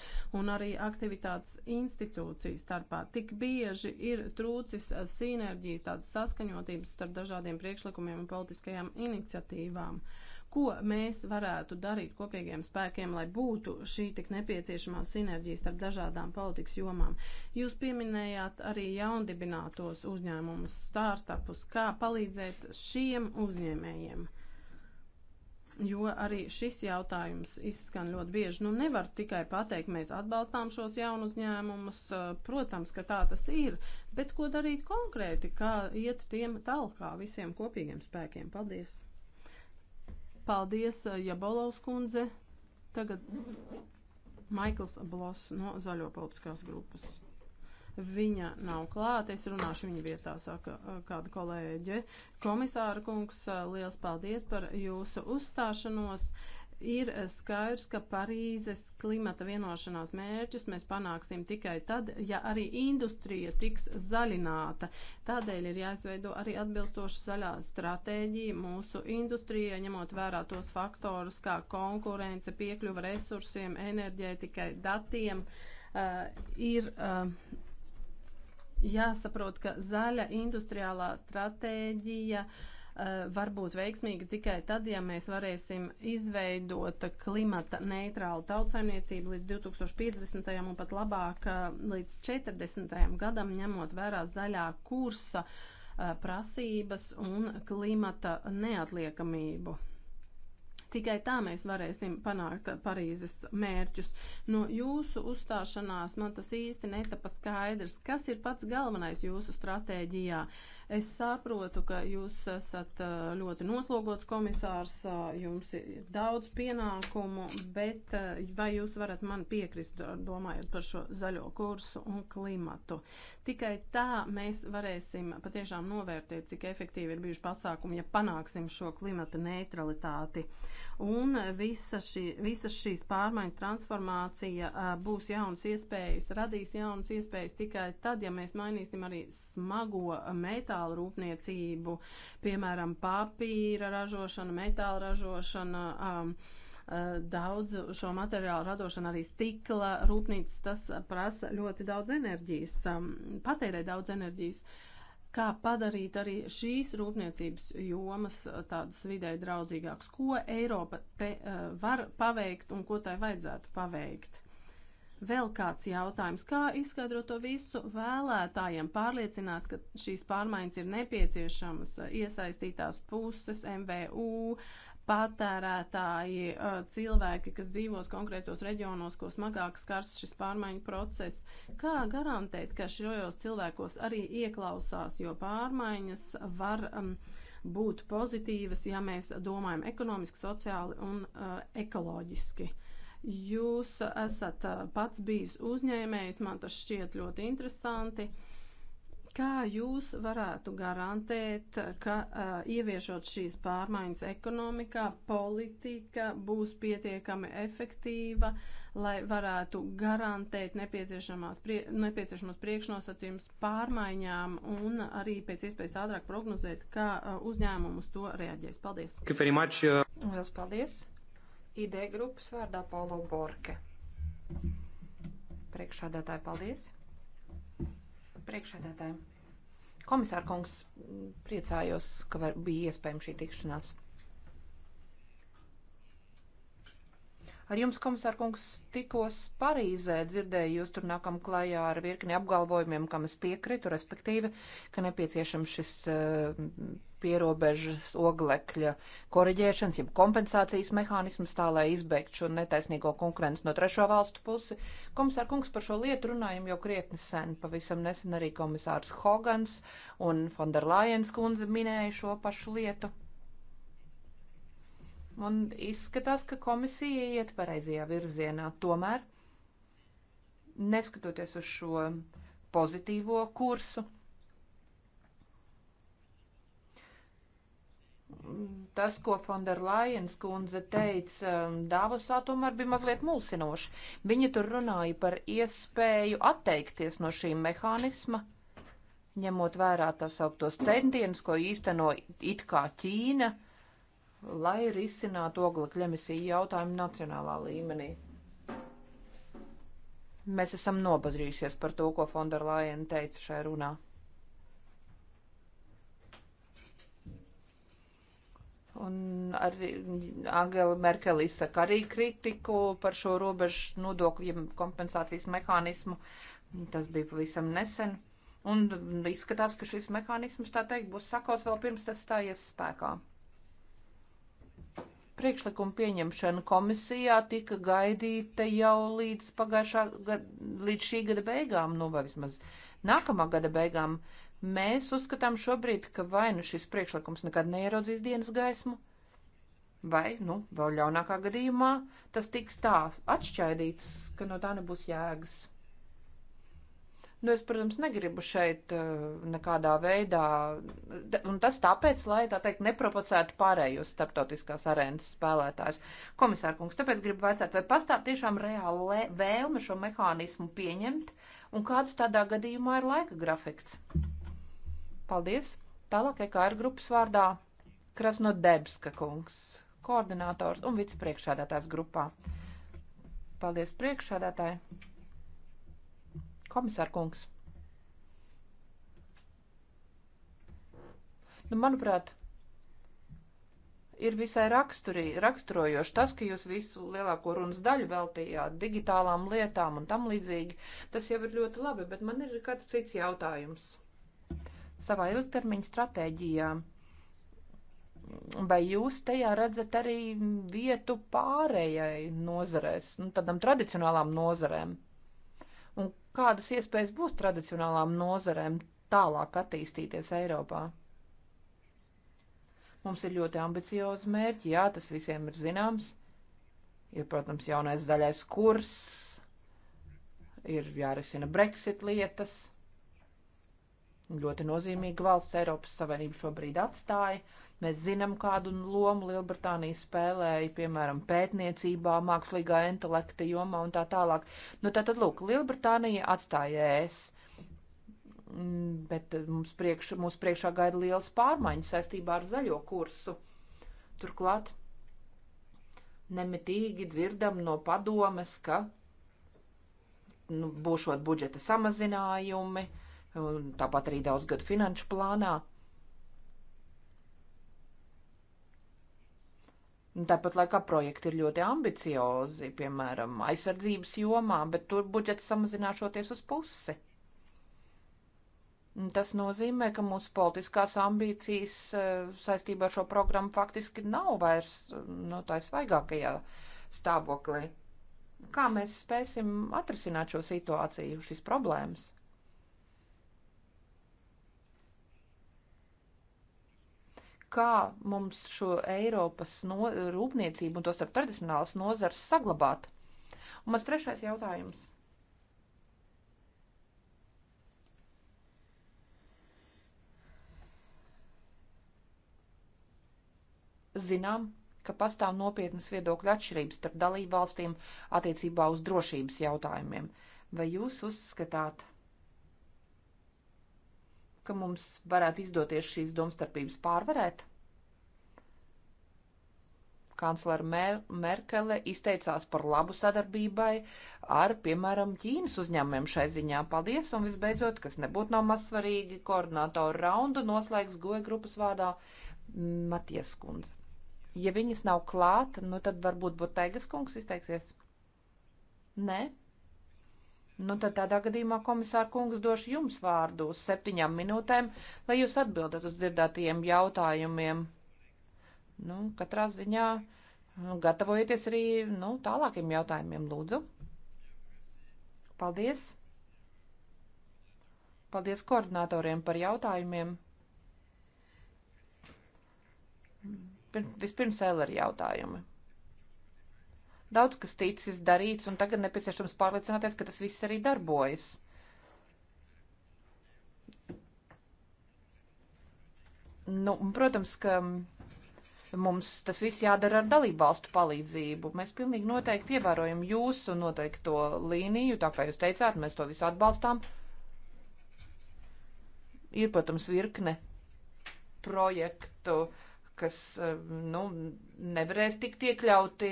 un arī aktivitātes institūciju starpā. Tik bieži ir trūcis eh, sinerģijas, tādas saskaņotības starp dažādiem priekšlikumiem un politiskajām iniciatīvām. Uh, Ko mēs varētu darīt kopīgiem spēkiem, lai būtu šī tik nepieciešamā sinerģija starp dažādām politikas jomām? Jūs pieminējāt arī jaundibinātos uzņēmumus, startupus. Kā palīdzēt šiem uzņēmējiem? Jo arī šis jautājums izskan ļoti bieži. Nu, nevar tikai pateikt, mēs atbalstām šos jaunu uzņēmumus. Protams, ka tā tas ir. Bet ko darīt konkrēti? Kā iet tiem tālāk visiem kopīgiem spēkiem? Paldies! Paldies, eh, Jabolovs kundze. Tagad Maikls Blos no Zaļo politiskās grupas. Viņa nav klāta, es runāšu viņa vietā, saka eh, kāda kolēģe. Komisāra kungs, eh, liels paldies par jūsu uzstāšanos. Uh, Ir eh, skaidrs, ka Parīzes klimata vienošanās mērķus mēs panāksim tikai tad, ja arī industrija tiks zaļināta. Tādēļ ir jāizveido arī atbilstoša zaļā stratēģija mūsu industrijai, ņemot vērā tos faktorus kā konkurence, piekļuva resursiem, enerģētikai, datiem. Uh, ir, uh, Jāsaprot, ka zaļa industriālā stratēģija uh, Eh, var būt veiksmīga tikai tad, ja mēs varēsim izveidot klimata neitrālu tautsaimniecību līdz 2050. un pat labāk eh, līdz 40. gadam, ņemot vērā zaļā kursa eh, prasības un klimata neatliekamību. Tikai tā mēs varēsim panākt Parīzes mērķus. No jūsu uzstāšanās man tas īsti netapa skaidrs, kas ir pats galvenais jūsu stratēģijā. Uh, Es saprotu, ka jūs esat ļoti noslogots komisārs, jums ir daudz pienākumu, bet vai jūs varat man piekrist, domājot par šo zaļo kursu un klimatu? Tikai tā mēs varēsim patiešām novērtēt, cik efektīvi ir bijuši pasākumi, ja panāksim šo klimata neutralitāti un visa šī, visas šīs pārmaiņas transformācija būs jaunas iespējas, radīs jaunas iespējas tikai tad, ja mēs mainīsim arī smago metālu rūpniecību, piemēram, papīra ražošana, metāla ražošana. Um, daudz šo materiālu radošana, arī stikla rūpnīcas, tas prasa ļoti daudz enerģijas, patērē daudz enerģijas. Uh, kā padarīt arī šīs rūpniecības jomas eh, tādas vidē draudzīgākas, ko Eiropa te uh, var paveikt un ko tai vajadzētu paveikt. Vēl kāds jautājums, kā izskaidrot to visu vēlētājiem, pārliecināt, ka šīs pārmaiņas ir nepieciešamas eh, iesaistītās puses, MVU, uh, patērētāji, cilvēki, kas dzīvos konkrētos reģionos, ko smagāk skars šis pārmaiņu process. Kā garantēt, ka šajos cilvēkos arī ieklausās, jo pārmaiņas var um, būt pozitīvas, ja mēs domājam ekonomiski, sociāli un uh, ekoloģiski. Jūs esat uh, pats bijis uzņēmējs, man tas šķiet ļoti interesanti. Uh, Kā jūs varētu garantēt, ka uh, ieviešot šīs pārmaiņas ekonomikā, politika būs pietiekami efektīva, lai varētu garantēt prie, nepieciešamos priekšnosacījumus pārmaiņām un arī pēc iespējas ātrāk prognozēt, kā uh, uzņēmumu uz to reaģēs? Paldies! Uh, Lielas paldies! ID grupas vārdā Paulo Borke. Priekšādātāji, paldies! priekšēdētājiem. Komisāra kungs, priecājos, ka var, bija iespējama šī tikšanās. Ar jums, komisāra kungs, tikos Parīzē, dzirdēju, jūs tur nākam klajā ar virkni apgalvojumiem, kam es piekritu, respektīvi, ka nepieciešams šis uh, pierobežas oglekļa koriģēšanas, jeb kompensācijas mehānismus, tā lai izbeigtu šo netaisnīgo konkurenci no trešo valstu pusi. Komisār kungs par šo lietu runājam jau krietni sen. Pavisam nesen arī komisārs Hogans un Fonderlajens kundze minēja šo pašu lietu. Un izskatās, ka komisija iet pareizajā virzienā. Tomēr, neskatoties uz šo pozitīvo kursu, tas, ko Fonderlajens kundze teica um, Davosā, tomēr bija mazliet mulsinoši. Viņa tur runāja par iespēju atteikties no šī mehānisma, ņemot vērā tās augtos centienus, ko īsteno it kā Ķīna, lai risinātu oglekļa emisiju jautājumu nacionālā līmenī. Mēs esam nobažījušies par to, ko Fonderlajena teica šajā runā. Un arī Angela Merkel izsaka arī kritiku par šo robežu nodokļu kompensācijas mehānismu. Tas bija pavisam nesen. Un izskatās, ka šis mehānisms, tā teikt, būs sakauts vēl pirms tas stājies spēkā. Priekšlikuma pieņemšana komisijā tika gaidīta jau līdz pagājušā gada, līdz šī gada beigām, nu vai vismaz nākamā gada beigām. Uh, Mēs uzskatām šobrīd, ka vai nu šis priekšlikums nekad neieraudzīs dienas gaismu, vai, nu, vēl ļaunākā gadījumā, tas tiks tā atšķaidīts, ka no tā nebūs jēgas. Nu, es, protams, negribu šeit uh, nekādā veidā, un tas tāpēc, lai, tā teikt, nepropocētu pārējos starptautiskās arēnas spēlētājs. Komisārkungs, tāpēc gribu vaicāt, vai pastāv tiešām reāla vēlme šo mehānismu pieņemt, un kāds tādā gadījumā ir laika grafikts? Paldies! Tālāk EKR grupas vārdā Krasnodebska kungs, koordinators un vicepriekšādātājs grupā. Paldies priekšādātāji! Komisār kungs! Nu, manuprāt, ir visai raksturī, raksturojoši tas, ka jūs visu lielāko runas daļu veltījāt digitālām lietām un tam līdzīgi. Tas jau ir ļoti labi, bet man ir kāds cits jautājums savā ilgtermiņa stratēģijā. Vai jūs tajā redzat arī vietu pārējai nozarēs, nu, tādām tradicionālām nozarēm? Un kādas iespējas būs tradicionālām nozarēm tālāk attīstīties Eiropā? Mums ir ļoti ambiciozi mērķi, jā, tas visiem ir zināms. Ir, protams, jaunais zaļais kurs, ir jārisina Brexit lietas Ļoti nozīmīga valsts Eiropas Savienība šobrīd atstāja. Mēs zinām, kādu lomu Lielbritānija spēlēja, piemēram, pētniecībā, mākslīgā intelekta jomā un tā tālāk. Nu, tā tad, lūk, Lielbritānija atstāja ES, mm, bet mums, priekš, mums priekšā gaida liels pārmaiņas saistībā ar zaļo kursu. Turklāt nemitīgi dzirdam no padomes, ka nu, būšot budžeta samazinājumi, uh, un tāpat arī daudz gadu finanšu plānā. Un tāpat laikā projekti ir ļoti ambiciozi, piemēram, aizsardzības jomā, bet tur budžets samazināšoties uz pusi. Un tas nozīmē, ka mūsu politiskās ambīcijas eh, saistībā ar šo programmu faktiski nav vairs eh, no tā svaigākajā stāvoklī. Kā mēs spēsim atrisināt šo situāciju, šīs problēmas? kā mums šo Eiropas no, rūpniecību un to starp tradicionālas nozars saglabāt. Un mans trešais jautājums. Zinām, ka pastāv nopietnas viedokļa atšķirības starp dalību valstīm attiecībā uz drošības jautājumiem. Vai jūs uzskatāt, ka mums varētu izdoties šīs domstarpības pārvarēt. Kanclere Mer Merkele izteicās par labu sadarbībai ar, piemēram, Ķīnas uzņēmumiem šai ziņā. Paldies! Un visbeidzot, kas nebūtu nav maz svarīgi, koordinātoru raundu noslēgs goja grupas vārdā Matijas kundze. Ja viņas nav klāt, nu tad varbūt Boteigas kungs izteiksies. Nē? Nu, tad tādā gadījumā, komisāra kungs, došu jums vārdu uz septiņām minūtēm, lai jūs atbildat uz dzirdētajiem jautājumiem. Nu, katrā ziņā nu, gatavojieties arī nu, tālākiem jautājumiem, lūdzu. Paldies! Paldies koordinatoriem par jautājumiem. Pirm, vispirms Elera jautājumi. Daudz kas ticis darīts, un tagad nepieciešams pārliecināties, ka tas viss arī darbojas. Nu, un, protams, ka mums tas viss jādara ar dalību valstu palīdzību. Mēs pilnīgi noteikti ievērojam jūsu noteikto līniju, tā kā jūs teicāt, mēs to visu atbalstām. Ir, protams, virkne projektu, kas eh, nu, nevarēs tikt iekļauti,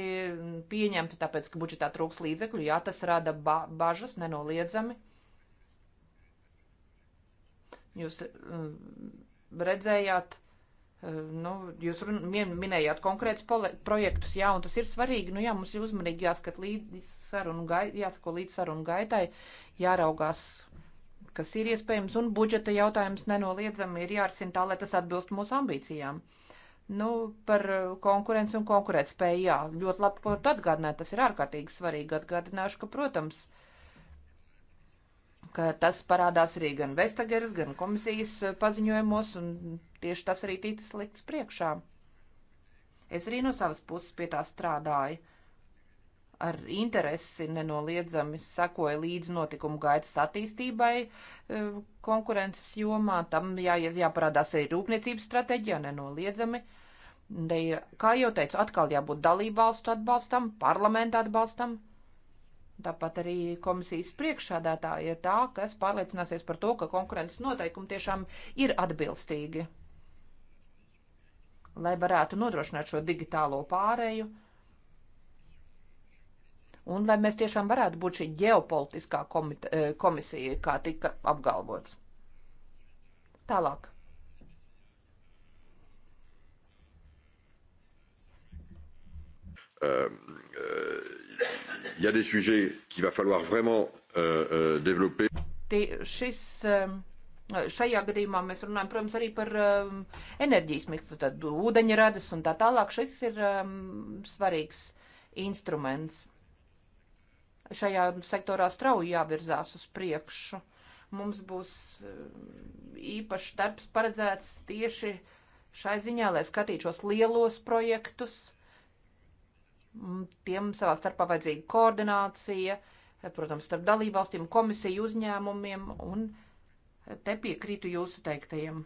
pieņemti, tāpēc, ka budžetā trūks līdzekļu. Jā, tas rada ba bažas nenoliedzami. Jūs eh, redzējāt, eh, nu, jūs minējāt konkrētus projektus, jā, un tas ir svarīgi. Nu, jā, mums ir uzmanīgi jāskat līdz sarunu, gai, jāsako līdz sarunu gaitai, jāraugās, kas ir iespējams, un budžeta jautājums nenoliedzami ir jārisina tā, lai tas atbilst mūsu ambīcijām. Nu, par uh, konkurenci un konkurētspēju, jā, ļoti labi, ko tu atgādināji, tas ir ārkārtīgi svarīgi. Atgādināšu, ka, protams, ka tas parādās arī gan Vestageras, gan komisijas uh, paziņojumos, un tieši tas arī ticis likts priekšā. Es arī no savas puses pie tā strādāju. Ar interesi nenoliedzami sekoja līdz notikumu gaitas attīstībai uh, konkurences jomā. Tam jā, jāparādās arī rūpniecības stratēģijā nenoliedzami. Uh, Te ir, kā jau teicu, atkal jābūt dalību valstu atbalstam, parlamentu atbalstam. Tāpat arī komisijas priekšsādātāja ir tā, kas pārliecināsies par to, ka konkurences noteikumi tiešām ir atbilstīgi, lai varētu nodrošināt šo digitālo pārēju un lai mēs tiešām varētu būt šī ģeopolitiskā komite, eh, komisija, kā tika apgalvots. Tālāk. euh, euh, y a des sujets qu'il va falloir vraiment euh, euh, développer. Šis, um, šajā gadījumā mēs runājam, protams, arī par um, enerģijas miksu, tad ūdeņradas un tā tālāk. Šis ir um, svarīgs instruments. Šajā sektorā strauji jāvirzās uz priekšu. Mums būs um, īpašs darbs paredzēts tieši šai ziņā, lai skatītu šos lielos projektus Mm, tiem savā starpā vajadzīga koordinācija, protams, starp dalībvalstīm, komisiju uzņēmumiem, un te piekrītu jūsu teiktajiem.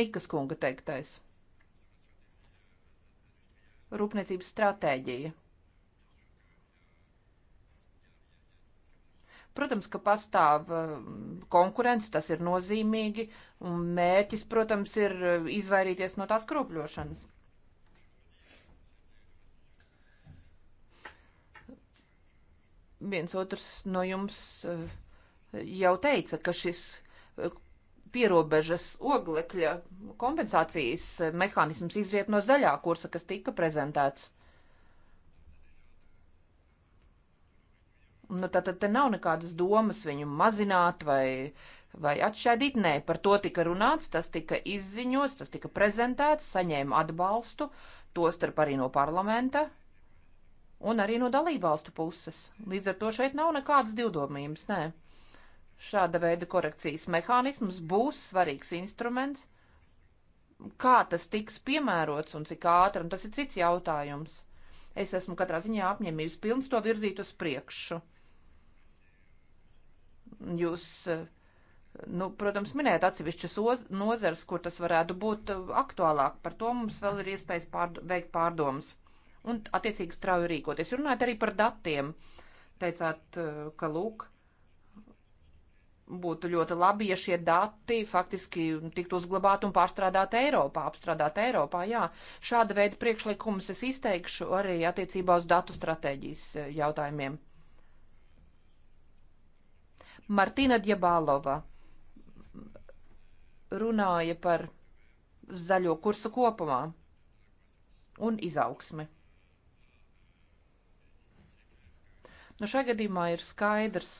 Nikas kunga teiktais. Rūpniecības stratēģija. Protams, ka pastāv mm, konkurence, tas ir nozīmīgi, un mērķis, protams, ir mm, izvairīties no tās kropļošanas. viens otrs no jums eh, jau teica, ka šis eh, pierobežas oglekļa kompensācijas eh, mehānisms izviet no zaļā kursa, kas tika prezentēts. Nu, tātad te nav nekādas domas viņu mazināt vai, vai atšķaidīt. Nē, par to tika runāts, tas tika izziņots, tas tika prezentēts, saņēma atbalstu, tostarp arī no parlamenta un arī no dalībvalstu puses. Līdz ar to šeit nav nekādas divdomības, nē. Šāda veida korekcijas mehānisms būs svarīgs instruments. Kā tas tiks piemērots un cik ātri, un tas ir cits jautājums. Es esmu katrā ziņā apņēmības pilns to virzīt uz priekšu. Jūs, nu, protams, minējat atsevišķas nozars, kur tas varētu būt aktuālāk. Par to mums vēl ir iespējas pārd veikt pārdomas un attiecīgi strauji rīkoties. Runājot arī par datiem, teicāt, eh, ka lūk, būtu ļoti labi, ja šie dati faktiski tiktu uzglabāti un pārstrādāti Eiropā, apstrādāti Eiropā. Jā, šāda veida priekšlikumus es izteikšu arī attiecībā uz datu stratēģijas eh, jautājumiem. Martina Djabālova runāja par zaļo kursu kopumā un izaugsmi. Nu, šajā gadījumā ir skaidrs,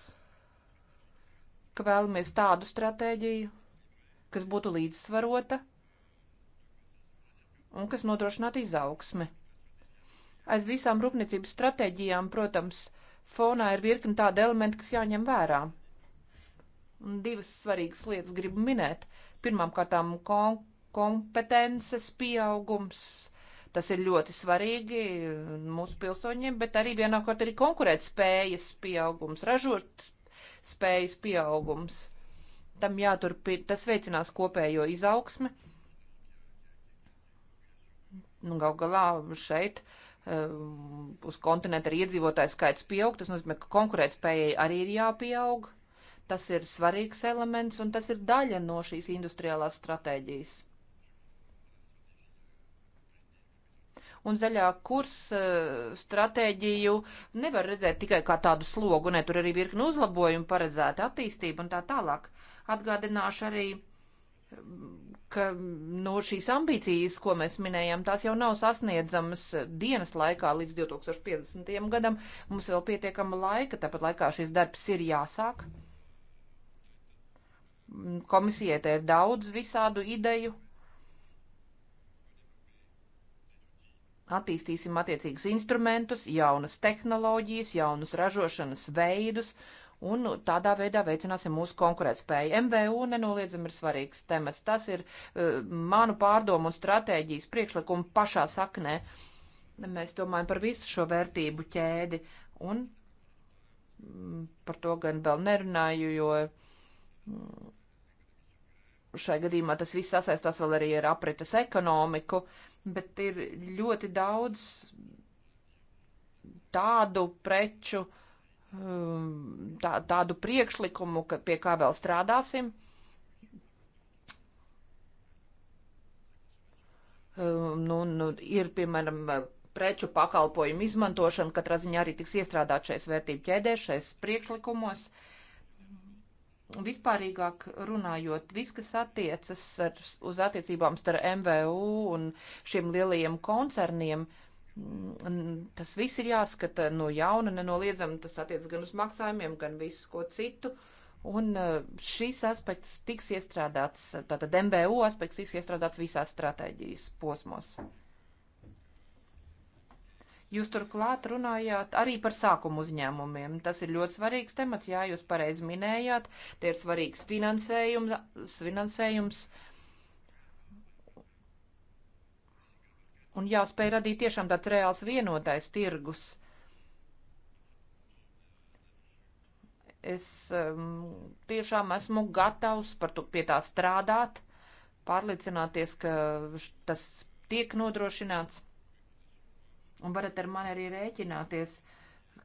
ka vēlamies tādu stratēģiju, kas būtu līdzsvarota un kas nodrošinātu izaugsmi. Aiz visām rūpniecības stratēģijām, protams, fonā ir virkni tādi elementi, kas jāņem vērā. Un divas svarīgas lietas gribu minēt. Pirmām kārtām kom kompetences pieaugums Tas ir ļoti svarīgi uh, mūsu pilsoņiem, bet arī vienākārt arī konkurēt spējas pieaugums, ražot spējas pieaugums. Tam jāturpina, tas veicinās kopējo izaugsmi. Nu, gal galā šeit uh, uz kontinenta arī iedzīvotājs skaits pieaug, tas nozīmē, ka konkurētspējai arī ir jāpieaug. Tas ir svarīgs elements un tas ir daļa no šīs industriālās stratēģijas. un zaļā kursa eh, stratēģiju nevar redzēt tikai kā tādu slogu, ne tur arī virkni uzlabojumu paredzēta attīstība un tā tālāk. Atgādināšu arī, ka no nu, šīs ambīcijas, ko mēs minējām, tās jau nav sasniedzamas dienas laikā līdz 2050. gadam. Mums vēl pietiekama laika, tāpat laikā šis darbs ir jāsāk. Komisijai te ir daudz visādu ideju, Attīstīsim attiecīgus instrumentus, jaunas tehnoloģijas, jaunus ražošanas veidus, un tādā veidā veicināsim mūsu konkurētspēju. MVU nenoliedzami ir svarīgs temats. Tas ir uh, manu pārdomu un stratēģijas priekšlikumu pašā saknē. Mēs domājam par visu šo vērtību ķēdi, un mm, par to gan vēl nerunāju, jo mm, šai gadījumā tas viss sasaistās vēl arī ar aprites ekonomiku. Uh, bet ir ļoti daudz tādu preču, um, tā, tādu priekšlikumu, ka, pie kā vēl strādāsim. Um, nu, nu, ir, piemēram, preču pakalpojumu izmantošana, katrā ziņā arī tiks iestrādāt šais vērtību ķēdē, šais priekšlikumos. Uh, vispārīgāk runājot, viss, kas attiecas ar, uz attiecībām starp MVU un šiem lielajiem koncerniem, mm, tas viss ir jāskata no jauna, nenoliedzami. Tas attiec gan uz maksājumiem, gan visu ko citu. Un eh, šis aspekts tiks iestrādāts, tātad MBU aspekts tiks iestrādāts visās stratēģijas posmos. Jūs turklāt runājāt arī par sākumu uzņēmumiem. Tas ir ļoti svarīgs temats, jā, jūs pareizi minējāt, tie ir svarīgs finansējums, finansējums. Un jāspēj radīt tiešām tāds reāls vienotais tirgus. Es um, tiešām esmu gatavs par to pie tā strādāt, pārliecināties, ka tas tiek nodrošināts. Un varat ar mani arī rēķināties,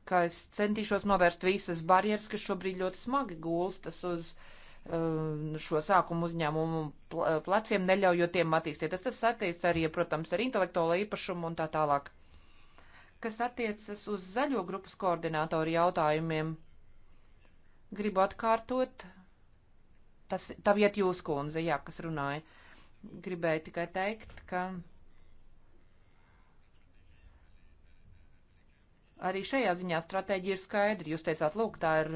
ka es centīšos novērst visas barjeras, kas šobrīd ļoti smagi gulstas uz um, šo sākumu uzņēmumu pleciem, neļaujot tiem attīstīties. Tas attiecas arī, protams, ar intelektuālo īpašumu un tā tālāk. Kas attiecas uz zaļo grupas koordinātoru jautājumiem, gribu atkārtot, tas taviet jūs, kundze, jā, kas runāja. Gribēju tikai teikt, ka Arī šajā ziņā stratēģija ir skaidra. Jūs teicāt, lūk, tā ir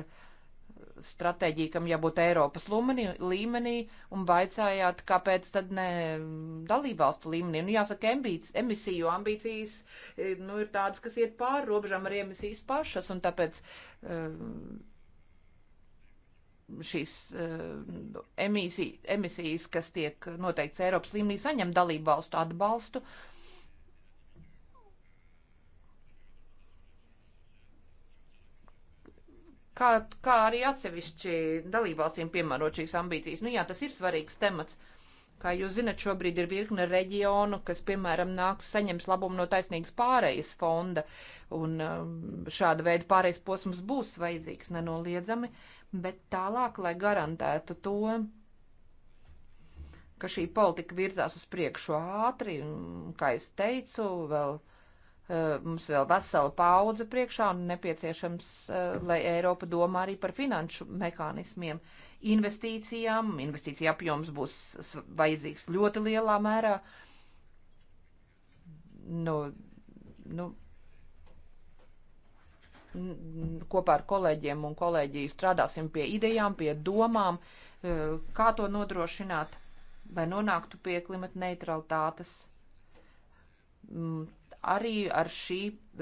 stratēģija, kam jābūt Eiropas līmenī, līmenī un vaicājāt, kāpēc tad ne dalībvalstu līmenī. Nu, jāsaka, ambīc, emisiju ambīcijas e, nu, ir tādas, kas iet pāri robežām ar emisijas pašas, un tāpēc e, šīs e, emisijas, emisijas kas tiek noteikts Eiropas līmenī, saņem dalībvalstu atbalstu. Uh, kā, kā arī atsevišķi dalībvalstīm piemērot šīs ambīcijas. Nu jā, tas ir svarīgs temats. Kā jūs zinat, šobrīd ir virkne reģionu, kas, piemēram, nāks saņems labumu no taisnīgas pārējas fonda, un um, šāda veida pārējas posms būs vajadzīgs nenoliedzami, bet tālāk, lai garantētu to, ka šī politika virzās uz priekšu ātri, un, kā es teicu, vēl Eh, mums vēl vesela paudze priekšā un nepieciešams, eh, lai Eiropa domā arī par finanšu mehānismiem, investīcijām. Investīcija apjoms būs vajadzīgs ļoti lielā mērā. Nu, nu, kopā ar kolēģiem un kolēģiju strādāsim pie idejām, pie domām, eh, kā to nodrošināt, lai nonāktu pie klimata neutralitātes. Mm, arī ar šī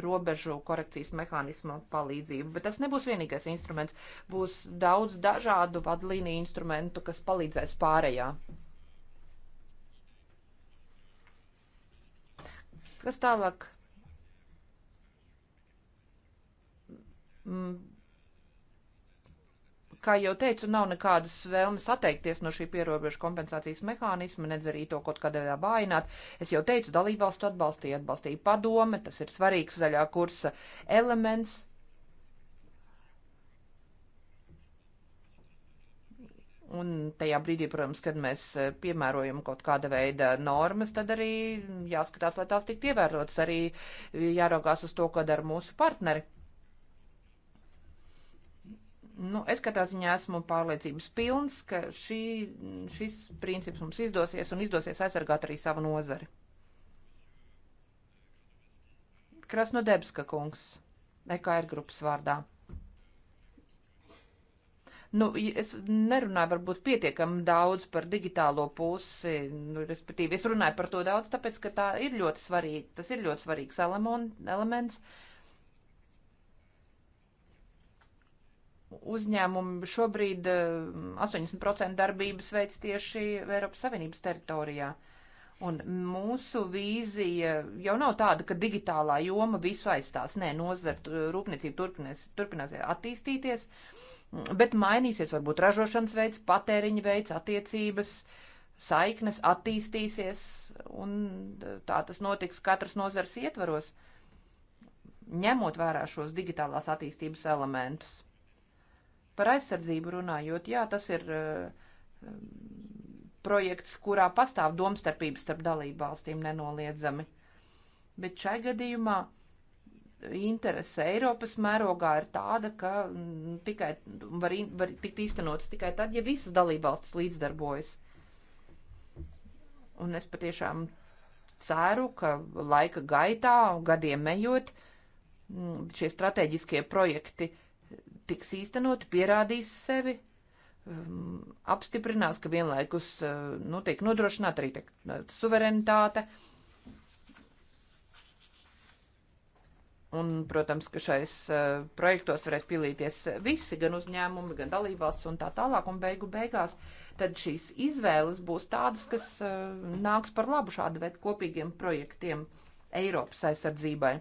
robežu korekcijas mehānismu palīdzību. Bet tas nebūs vienīgais instruments. Būs daudz dažādu vadlīniju instrumentu, kas palīdzēs pārējā. Kas tālāk? Mm kā jau teicu, nav nekādas vēlmes atteikties no šī pierobežu kompensācijas mehānisma, nedz arī to kaut kādā veidā vājināt. Es jau teicu, dalībvalstu atbalstīja, atbalstīja padome, tas ir svarīgs zaļā kursa elements. Un tajā brīdī, protams, kad mēs eh, piemērojam kaut kāda veida normas, tad arī jāskatās, lai tās tiktu ievērotas, arī jāraugās uz to, ko dara mūsu partneri. Nu, es katrā ziņā esmu pārliecības pilns, ka šī, šis princips mums izdosies un izdosies aizsargāt arī savu nozari. Krasnodebska kungs, EKR grupas vārdā. Nu, es nerunāju varbūt pietiekami daudz par digitālo pusi, nu, respektīvi es runāju par to daudz, tāpēc, ka tā ir ļoti svarīga, tas ir ļoti svarīgs elements, elements uzņēmumi šobrīd 80% eh, darbības veids tieši Eiropas Savienības teritorijā. Un mūsu vīzija jau nav tāda, ka digitālā joma visu aizstās. Nē, nozara rūpniecība turpinās, turpinās attīstīties, bet mainīsies varbūt ražošanas veids, patēriņa veids, attiecības, saiknes attīstīsies, un tā tas notiks katras nozares ietvaros, ņemot vērā šos digitālās attīstības elementus. Par aizsardzību runājot, jā, tas ir uh, projekts, kurā pastāv domstarpības starp dalību valstīm nenoliedzami. Bet šai gadījumā interese Eiropas mērogā ir tāda, ka mm, tikai var, var tikt īstenots tikai tad, ja visas dalībvalstis līdzdarbojas. Un es patiešām ceru, ka laika gaitā, gadiem ejot, mm, šie strateģiskie projekti uh, tiks īstenoti, pierādīs sevi, um, apstiprinās, ka vienlaikus uh, nu, tiek nodrošināta arī tiek, uh, suverenitāte. Un, protams, ka šais uh, projektos varēs pilīties visi, gan uzņēmumi, gan dalībvalsts un tā tālāk, un beigu beigās tad šīs izvēles būs tādas, kas uh, nāks par labu šādu veidu kopīgiem projektiem Eiropas aizsardzībai.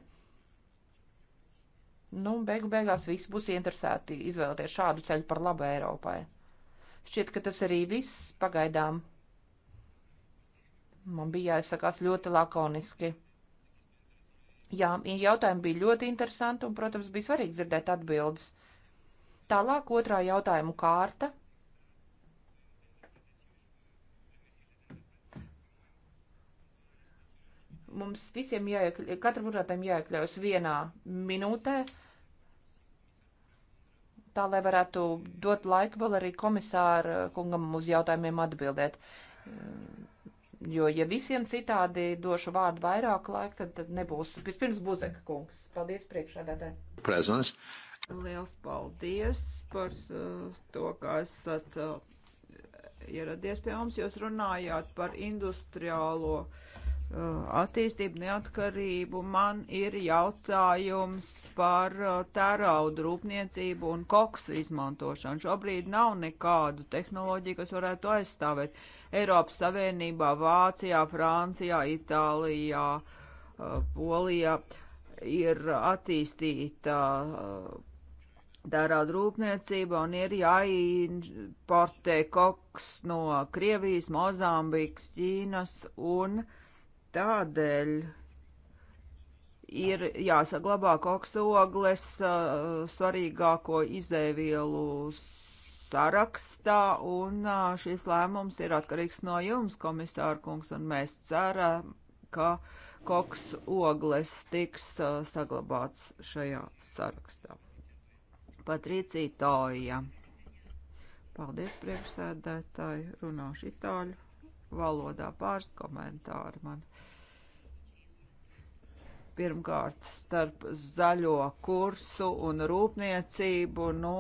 Nu, beigu beigās visi būs interesēti izvēlēties šādu ceļu par labu Eiropai. Šķiet, ka tas arī viss pagaidām. Man bija jāizsakās ļoti lakoniski. Jā, jautājumi bija ļoti interesanti un, protams, bija svarīgi dzirdēt atbildes. Tālāk otrā jautājuma kārta. Mums visiem jāiekļaujas, katram runātājam jāiekļaujas vienā minūtē, tā lai varētu dot laiku vēl arī komisāra kungam uz jautājumiem atbildēt. Jo, ja visiem citādi došu vārdu vairāk laika, tad, tad nebūs. Vispirms Buzeka kungs. Paldies priekšādātē. Prezents. Liels paldies par uh, to, ka esat uh, ieradies pie mums. Jūs runājāt par industriālo uh, Uh, attīstību, neatkarību, man ir jautājums par uh, tērauda rūpniecību un koksu izmantošanu. Šobrīd nav nekādu tehnoloģiju, kas varētu aizstāvēt Eiropas Savienībā, Vācijā, Francijā, Itālijā, uh, Polijā ir attīstīta tērauda rūpniecība un ir jāimportē koks no Krievijas, Mozambikas, Ķīnas un Ķīnas Tādēļ ir jāsaglabā koksogles uh, svarīgāko izēvielu sarakstā, un uh, šis lēmums ir atkarīgs no jums, komisāra kungs, un mēs ceram, ka koksogles tiks uh, saglabāts šajā sarakstā. Patricija Toja. Paldies, priekšsēdētāji, runāšu itāļu valodā. Pāris komentāri man. Pirmkārt, starp zaļo kursu un rūpniecību, nu,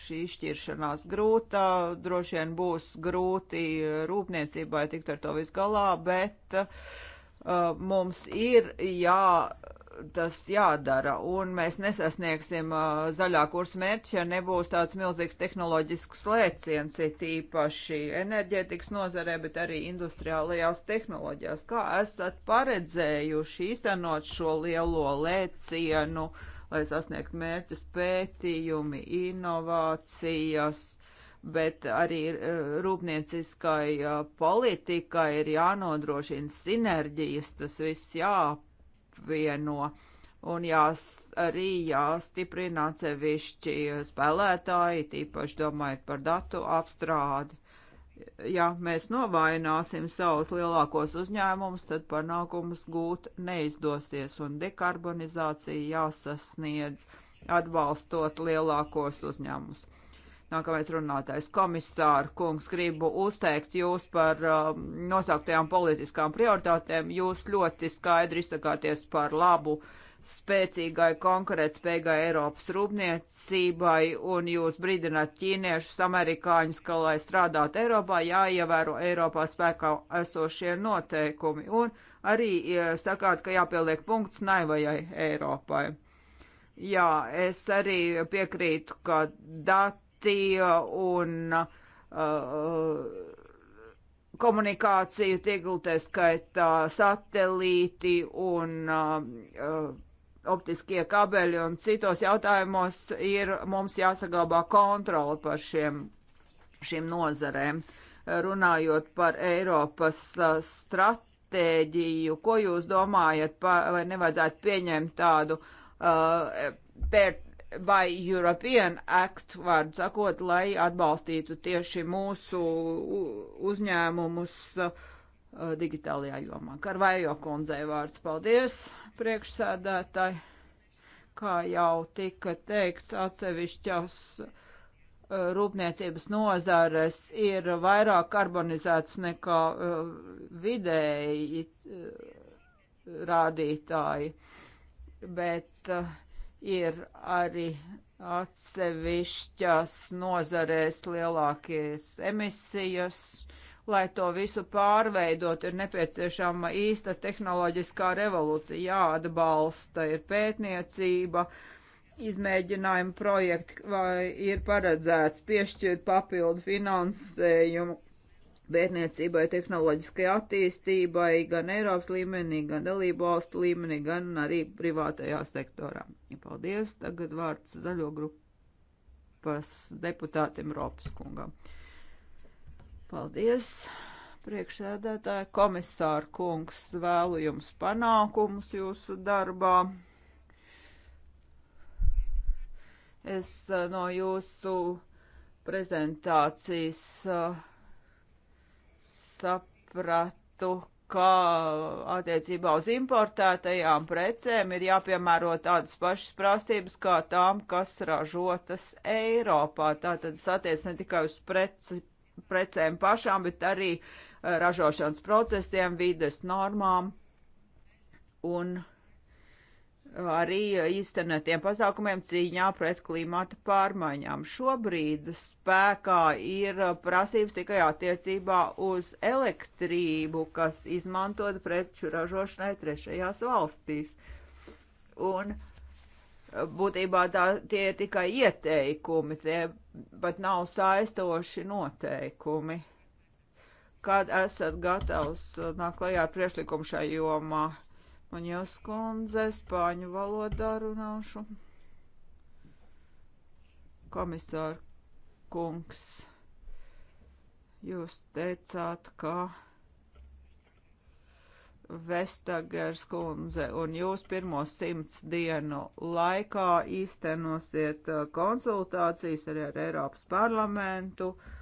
šī šķiršanās grūtā, droši vien būs grūti rūpniecībai tikt ar to visu galā, bet uh, mums ir jā. Ja, tas jādara, un mēs nesasniegsim uh, zaļā kursa mērķi, ja nebūs tāds milzīgs tehnoloģisks lēciens, it īpaši enerģētikas nozarē, bet arī industriālajās tehnoloģijās. Kā esat paredzējuši īstenot šo lielo lēcienu, lai sasniegtu mērķus pētījumi, inovācijas? bet arī uh, rūpnieciskai uh, politikai ir jānodrošina sinerģijas, tas viss jāp jāapvieno. Un jās, arī jāstiprina atsevišķi spēlētāji, tīpaši domājot par datu apstrādi. Ja mēs novaināsim savus lielākos uzņēmumus, tad panākumus gūt neizdosies, un dekarbonizācija jāsasniedz atbalstot lielākos uzņēmumus. Nākamais runātais komisāra kungs, gribu uzteikt jūs par uh, nosauktajām politiskām prioritātēm. Jūs ļoti skaidri izsakāties par labu spēcīgai konkurētspējai Eiropas rūpniecībai, un jūs brīdināt ķīniešus, amerikāņus, ka, lai strādātu Eiropā, jāievēro Eiropā spēkā esošie noteikumi, un arī sakāt, ka jāpieliek punkts naivajai Eiropai. Jā, es arī piekrītu, ka dati informācija un uh, komunikāciju tīklu, tā skaitā satelīti un uh, optiskie kabeļi un citos jautājumos ir mums jāsaglabā kontroli par šiem, šiem nozarēm. Runājot par Eiropas uh, stratēģiju, ko jūs domājat, pa, vai nevajadzētu pieņemt tādu uh, pērt vai European Act, vārdu sakot, lai atbalstītu tieši mūsu uzņēmumus uh, digitālajā jomā. Karvajo kundzei vārds paldies priekšsēdētāji. Kā jau tika teikts, atsevišķās uh, rūpniecības nozares ir vairāk karbonizēts nekā uh, vidēji rādītāji, bet uh, ir arī atsevišķās nozarēs lielākies emisijas. Lai to visu pārveidot, ir nepieciešama īsta tehnoloģiskā revolūcija, jāatbalsta, ir pētniecība, izmēģinājuma projekti, vai ir paredzēts piešķirt papildu finansējumu pētniecībai, tehnoloģiskai attīstībai gan Eiropas līmenī, gan dalību valstu līmenī, gan arī privātajā sektorā. Paldies! Tagad vārds zaļo grupas deputātim Ropas kungam. Paldies! priekšsēdētāja komisāra kungs, vēlu jums panākumus jūsu darbā. Es eh, no jūsu prezentācijas uh, sapratu, ka attiecībā uz importētajām precēm ir jāpiemēro tādas pašas prasības kā tām, kas ražotas Eiropā. Tātad tas attiec ne tikai uz preci, precēm pašām, bet arī eh, ražošanas procesiem, vides normām un uh, arī īstenotiem pasākumiem cīņā pret klimata pārmaiņām. Šobrīd spēkā ir prasības tikai attiecībā uz elektrību, kas izmantota preču ražošanai trešajās valstīs. Un būtībā tā, tie ir tikai ieteikumi, tie pat nav saistoši noteikumi. Kad esat gatavs nākt klajā ar priekšlikumu šai jomā? Man jūs kundze, spāņu valodā runāšu. Komisār kungs, jūs teicāt, ka Vestagers kundze un jūs pirmo simts dienu laikā īstenosiet uh, konsultācijas arī ar Eiropas parlamentu. Uh,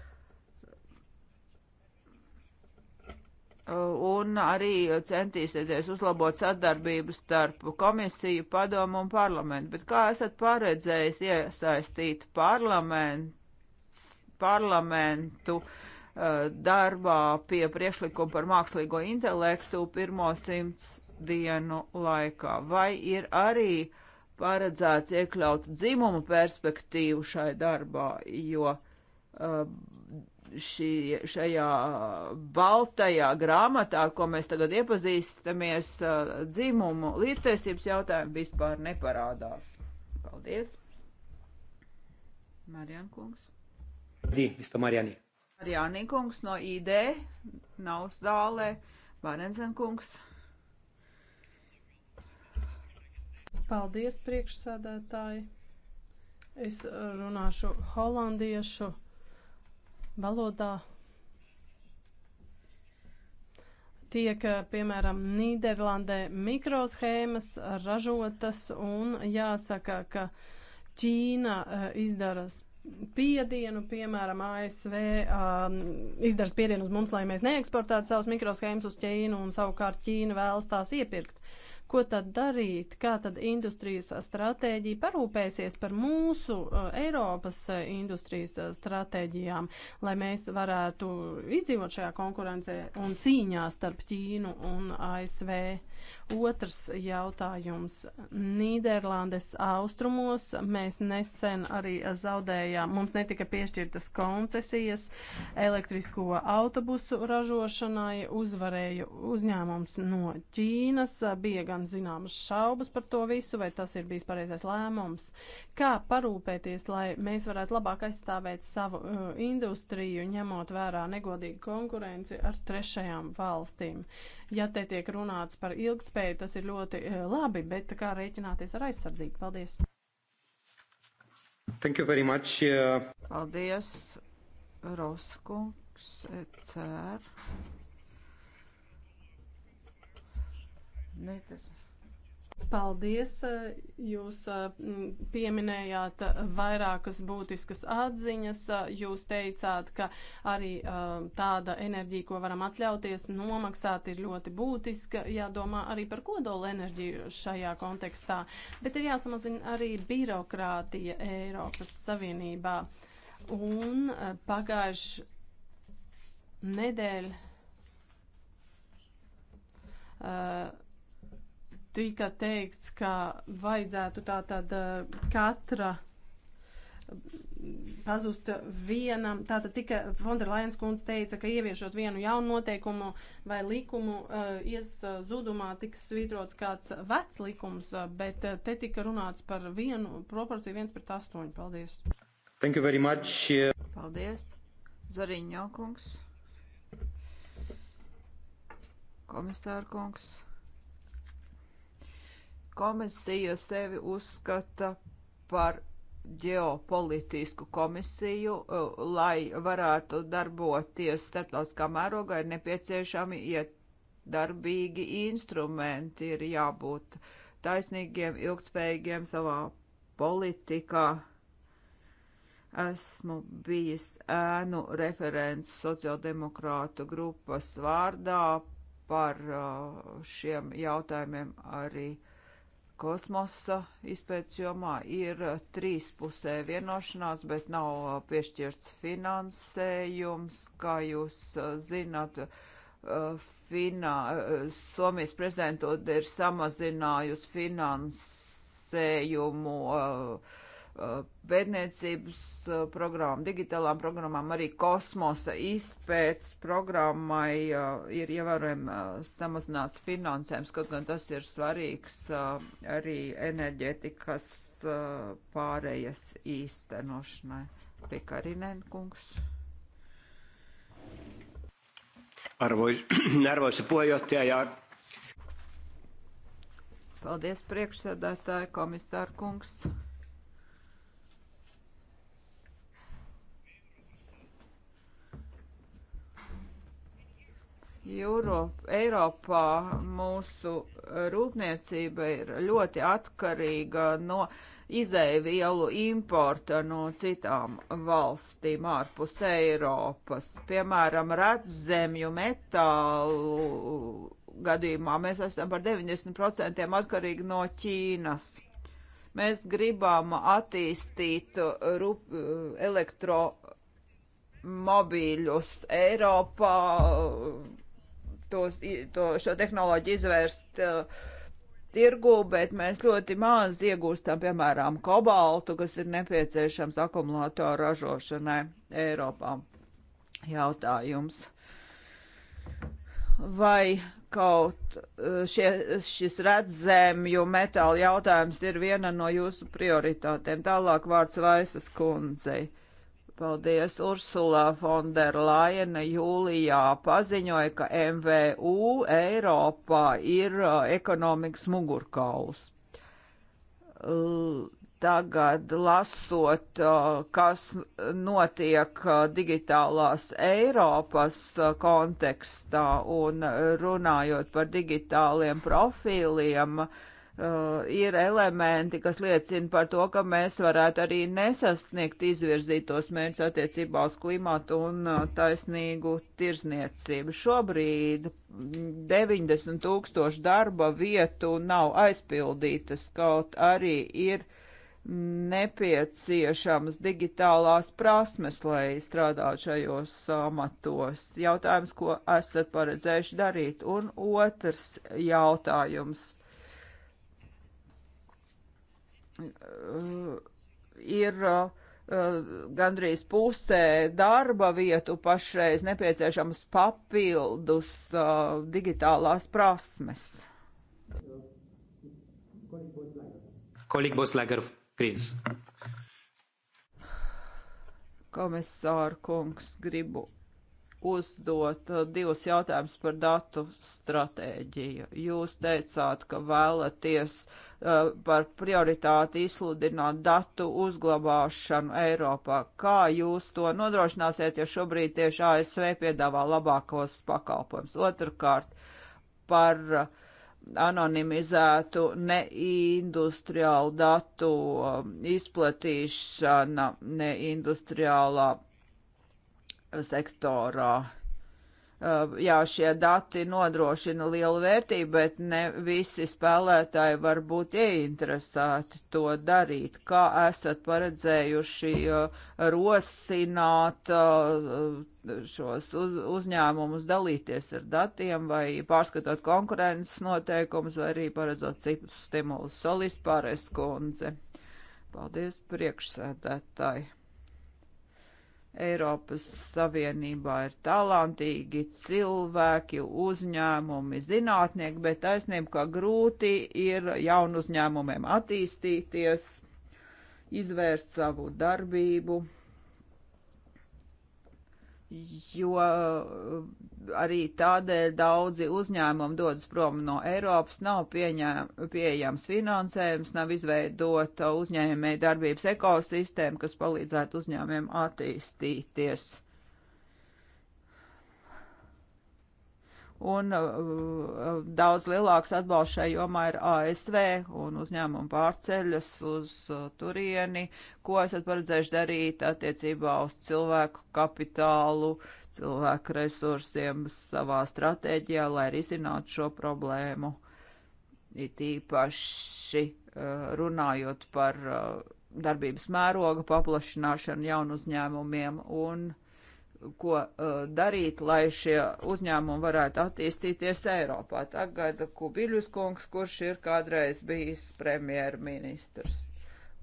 un arī centīsieties uzlabot sadarbību starp komisiju, padomu un parlamentu. Bet kā esat paredzējis iesaistīt parlaments, parlamentu eh, darbā pie priekšlikuma par mākslīgo intelektu pirmo simts dienu laikā? Vai ir arī paredzēts iekļaut dzimumu perspektīvu šai darbā, jo uh, šī, šajā baltajā grāmatā, ko mēs tagad iepazīstamies, dzimumu līdztiesības jautājumi vispār neparādās. Paldies! Marijan kungs. Dī, Mr. Marjani. Marjani kungs no ID nav zālē. Varenzen kungs. Paldies, priekšsēdētāji. Es runāšu holandiešu valodā tiek, eh, piemēram, Nīderlandē mikroshēmas ražotas un jāsaka, ka Ķīna eh, izdara spiedienu, piemēram, ASV um, ehm, izdara spiedienu uz mums, lai mēs neeksportētu savus mikroshēmas uz Ķīnu un savukārt Ķīna vēlas tās iepirkt. Uh, Ko tad darīt? Kā tad industrijas stratēģija parūpēsies par mūsu uh, Eiropas uh, industrijas uh, stratēģijām, lai mēs varētu izdzīvot šajā konkurencē un cīņā starp Ķīnu un ASV? Otrs jautājums. Nīderlandes austrumos mēs nesen arī zaudējām, mums netika piešķirtas koncesijas elektrisko autobusu ražošanai, uzvarēja uzņēmums no Ķīnas, bija gan zināmas šaubas par to visu, vai tas ir bijis pareizais lēmums. Kā parūpēties, lai mēs varētu labāk aizstāvēt savu uh, industriju, ņemot vērā negodīgu konkurenci ar trešajām valstīm? Uh, Ja te tiek runāts par ilgtspēju, tas ir ļoti eh, labi, bet kā rēķināties ar aizsardzību? Paldies! Thank you very much. Uh... Paldies, Roskungs, ECR. Nē, tas ir. Paldies! Eh, jūs eh, pieminējāt eh, vairākas būtiskas atziņas. Jūs teicāt, ka arī tāda enerģija, ko varam atļauties nomaksāt, ir ļoti būtiska. Jādomā arī par kodola enerģiju šajā kontekstā. Bet ir jāsamazina arī birokrātija Eiropas Savienībā. Un pagājuši nedēļ. Uh, tika teikts, ka vajadzētu tātad eh, katra pazust vienam. Tātad tika Fonda Lajens kundze teica, ka ieviešot vienu jaunu noteikumu vai likumu, eh, ies eh, zudumā tiks svītrots kāds vecs likums, bet te tika runāts par vienu proporciju viens pret astoņu. Paldies. Thank you very much. Paldies. Zariņo kungs. Komisāra kungs. Komisija sevi uzskata par ģeopolitisku komisiju, e, lai varētu darboties starptautiskā mērogā, ir nepieciešami iedarbīgi instrumenti, ir jābūt taisnīgiem, ilgspējīgiem savā politikā. Esmu bijis ēnu referents sociāldemokrātu grupas vārdā par e, šiem jautājumiem arī kosmosa izpētes jomā ir trīs pusē vienošanās, bet nav piešķirts finansējums, kā jūs uh, zināt. Uh, finā, uh, Somijas prezidentūra ir samazinājusi finansējumu uh, pētniecības eh, programmu, digitālām programmām, arī kosmosa izpētes programmai eh, ir ievērojami eh, samazināts finansējums, kaut gan tas ir svarīgs arī enerģetikas pārējas īstenošanai. Pekarinen kungs. Arvoisa, arvoisa puheenjohtaja ja Paldies priekšsēdētāji komisāra kungs. Europa, Eiropā mūsu rūpniecība ir ļoti atkarīga no izēvielu importa no citām valstīm ārpus Eiropas. Piemēram, redzemju metālu gadījumā mēs esam par 90% atkarīgi no Ķīnas. Mēs gribam attīstīt rup, elektromobīļus Eiropā tos, to, šo tehnoloģiju izvērst uh, tirgu, bet mēs ļoti maz iegūstam, piemēram, kobaltu, kas ir nepieciešams akumulātoru ražošanai Eiropā. Jautājums. Vai kaut uh, šie, šis redzēmju metāla jautājums ir viena no jūsu prioritātēm? Tālāk vārds Vaisas kundzei. Uh, Paldies! Ursula Fonderlaina jūlijā paziņoja, ka MVU Eiropā ir ekonomikas mugurkauls. Tagad lasot, kas notiek digitālās Eiropas kontekstā un runājot par digitāliem profīliem, uh, uh, ir elementi, kas liecina par to, ka mēs varētu arī nesasniegt izvirzītos mērķus attiecībā uz klimatu un uh, taisnīgu tirzniecību. Šobrīd 90 tūkstoši darba vietu nav aizpildītas, kaut arī ir nepieciešamas digitālās prasmes, lai strādātu šajos amatos. Jautājums, ko esat paredzējuši darīt? Un otrs jautājums Eh, ir eh, gandrīz pusē darba vietu pašreiz nepieciešams papildus eh, digitālās prasmes. Kolīgi būs Lagar Krīns. Komisāra kungs, gribu uzdot uh, divus jautājumus par datu stratēģiju. Jūs teicāt, ka vēlaties uh, par prioritāti izsludināt datu uzglabāšanu Eiropā. Kā jūs to nodrošināsiet, ja šobrīd tieši ASV piedāvā labākos pakalpojumus? Otrkārt, par uh, anonimizētu neindustriālu datu um, izplatīšana neindustriālā sektorā. Uh, jā, šie dati nodrošina lielu vērtību, bet ne visi spēlētāji var būt ieinteresēti to darīt. Kā esat paredzējuši uh, rosināt uh, šos uz, uzņēmumus dalīties ar datiem vai pārskatot konkurences noteikumus vai arī paredzot citus stimulus? Solis Pāreskundze. Paldies priekšsēdētāji! Eiropas Savienībā ir talantīgi cilvēki, uzņēmumi, zinātnieki, bet taisnība, ka grūti ir jaunu uzņēmumiem attīstīties, izvērst savu darbību jo eh, arī tādēļ daudzi uzņēmumi dodas prom no Eiropas, nav pieņēm, pieejams finansējums, nav izveidota uzņēmēja darbības ekosistēma, kas palīdzētu uzņēmiem attīstīties. un uh, uh, daudz lielāks atbalsts šai jomā ir ASV un uzņēmumu pārceļas uz uh, turieni, ko esat paredzējuši darīt attiecībā uz cilvēku kapitālu, cilvēku resursiem savā stratēģijā, lai risinātu šo problēmu. It īpaši uh, runājot par uh, darbības mēroga paplašināšanu jaunu uzņēmumiem un uh, ko uh, darīt, lai šie uzņēmumi varētu attīstīties Eiropā. Tagad Kubiļus kungs, kurš ir kādreiz bijis premjerministrs.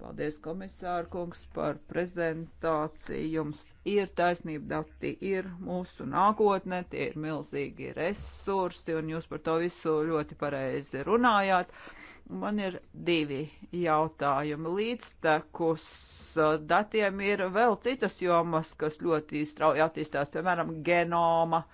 Paldies, komisāra kungs, par prezentāciju. Jums ir taisnība, dati ir mūsu nākotne, tie ir milzīgi resursi, un jūs par to visu ļoti pareizi runājāt. Uh, Man ir divi jautājumi. Līdztekus uh, datiem ir vēl citas jomas, kas ļoti strauji attīstās, piemēram, genoma uh,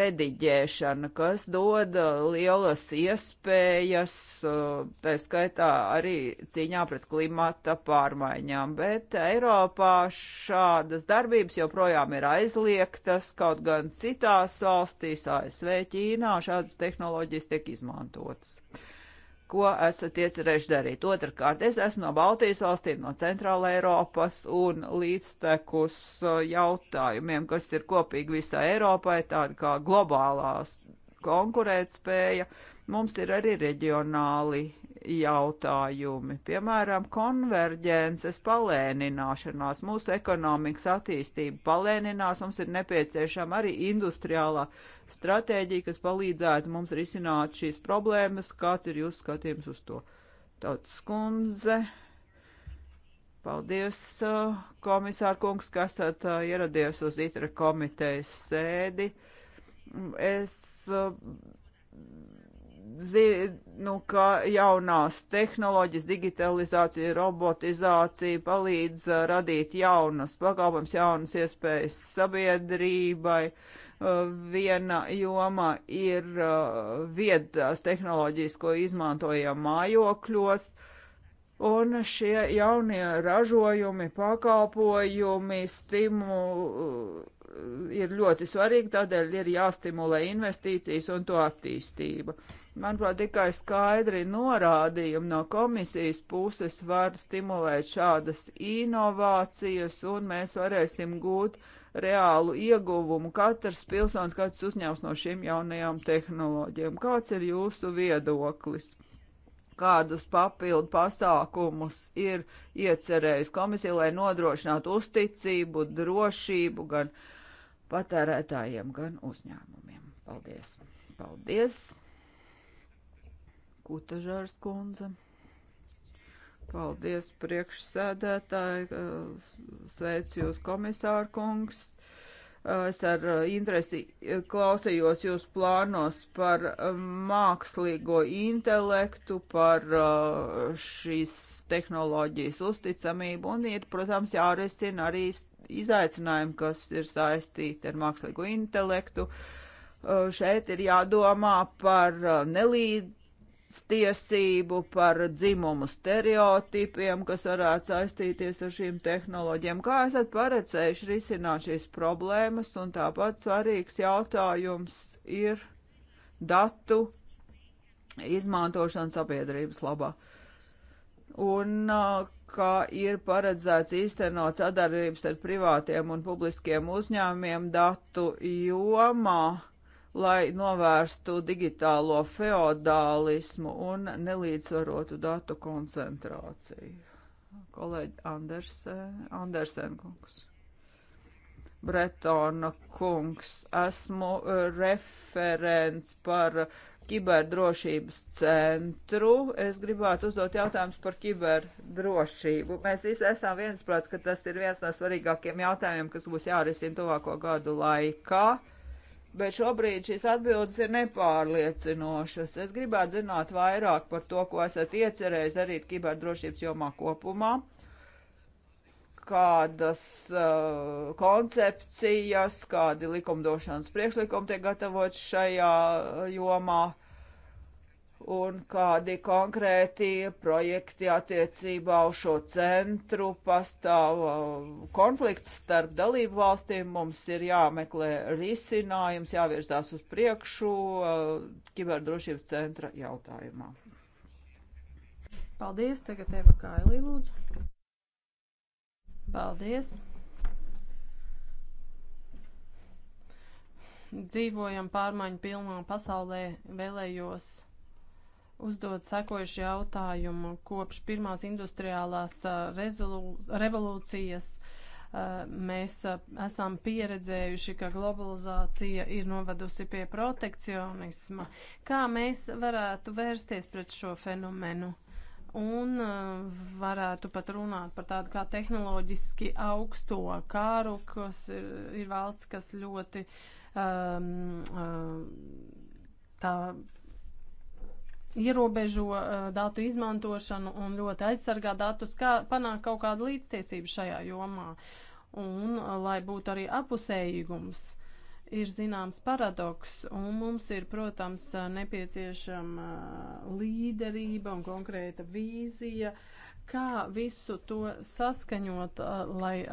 rediģēšana, kas dod uh, lielas iespējas, uh, tā skaitā arī cīņā pret klimata pārmaiņām. Bet Eiropā šādas darbības joprojām ir aizliegtas, kaut gan citās valstīs, ASV, Ķīnā, šādas tehnoloģijas tiek izmantotas. Uh, ko esat iecerējuši darīt. Otrakārt, es esmu no Baltijas valstīm, no Centrāla Eiropas un līdztekus uh, jautājumiem, kas ir kopīgi visai Eiropai, tāda kā globālā konkurētspēja. Mums ir arī reģionāli jautājumi, piemēram, konverģences palēnināšanās. Mūsu ekonomikas attīstība palēninās, mums ir nepieciešama arī industriālā stratēģija, kas palīdzētu mums risināt šīs problēmas. Kāds ir jūsu skatījums uz to? Tautas kundze. Paldies, uh, komisārkungs, ka esat uh, ieradies uz ITRA komitejas sēdi. Es uh, zinu, ka jaunās tehnoloģijas, digitalizācija, robotizācija palīdz uh, radīt jaunas pakalpojums, jaunas iespējas sabiedrībai. Uh, viena joma ir uh, viedās tehnoloģijas, ko izmantojam mājokļos. Un šie jaunie ražojumi, pakalpojumi, stimulu ir ļoti svarīgi, tādēļ ir jāstimulē investīcijas un to attīstība. Uh, Manuprāt, tikai skaidri norādījumi no komisijas puses var stimulēt šādas inovācijas, un mēs varēsim gūt reālu ieguvumu katrs pilsonis, katrs uzņēmums no šīm jaunajām tehnoloģijām. Kāds ir jūsu viedoklis? Kādus papildu pasākumus ir iecerējusi komisija, lai nodrošinātu uzticību, drošību gan patērētājiem, gan uzņēmumiem? Paldies! Paldies! Kutažārs kundze. Paldies priekšsēdētāji, sveicu jūs komisāru kungs. Es ar interesi klausījos jūs plānos par mākslīgo intelektu, par šīs tehnoloģijas uzticamību un ir, protams, jārisina arī izaicinājumi, kas ir saistīti ar mākslīgo intelektu. Šeit ir jādomā par nelīdzību tiesību, par dzimumu stereotipiem, kas varētu saistīties ar šīm tehnoloģiem. Kā esat paredzējuši risināt šīs problēmas? Un tāpat svarīgs jautājums ir datu izmantošana sabiedrības labā. Un kā ir paredzēts īstenot sadarbības ar privātiem un publiskiem uzņēmumiem datu jomā lai novērstu digitālo feodālismu un nelīdzsvarotu datu koncentrāciju. Kolēģi Andersen, Andersen kungs. Bretona kungs, esmu e, referents par kiberdrošības centru. Es gribētu uzdot jautājumus par kiberdrošību. Mēs visi esam viensprāts, ka tas ir viens no svarīgākiem jautājumiem, kas būs jārisina tuvāko gadu laikā. Uh, bet šobrīd šīs atbildes ir nepārliecinošas. Es gribētu zināt vairāk par to, ko esat iecerējis darīt kiberdrošības jomā kopumā, kādas uh, koncepcijas, kādi likumdošanas priekšlikumi tiek gatavot šajā uh, jomā. Uh, un kādi konkrēti projekti attiecībā uz šo centru pastāv uh, konflikts starp dalību valstīm. Mums ir jāmeklē risinājums, jāvirzās uz priekšu uh, kiberdrošības centra jautājumā. Paldies, tagad Eva Kailī lūdzu. Paldies. Dzīvojam pārmaiņu pilnā pasaulē, vēlējos uzdot sekojuši jautājumu kopš pirmās industriālās revolūcijas. Mēs esam pieredzējuši, ka globalizācija ir novedusi pie protekcionisma. Kā mēs varētu vērsties pret šo fenomenu? Un varētu pat runāt par tādu kā tehnoloģiski augsto kāru, kas ir, ir valsts, kas ļoti um, um, tā ierobežo uh, datu izmantošanu un ļoti aizsargā datus, kā panākt kaut kādu līdztiesību šajā jomā un uh, lai būtu arī apusējīgums. Ir zināms paradoks, un mums ir, protams, uh, nepieciešama uh, līderība un konkrēta vīzija, uh, kā visu to saskaņot, lai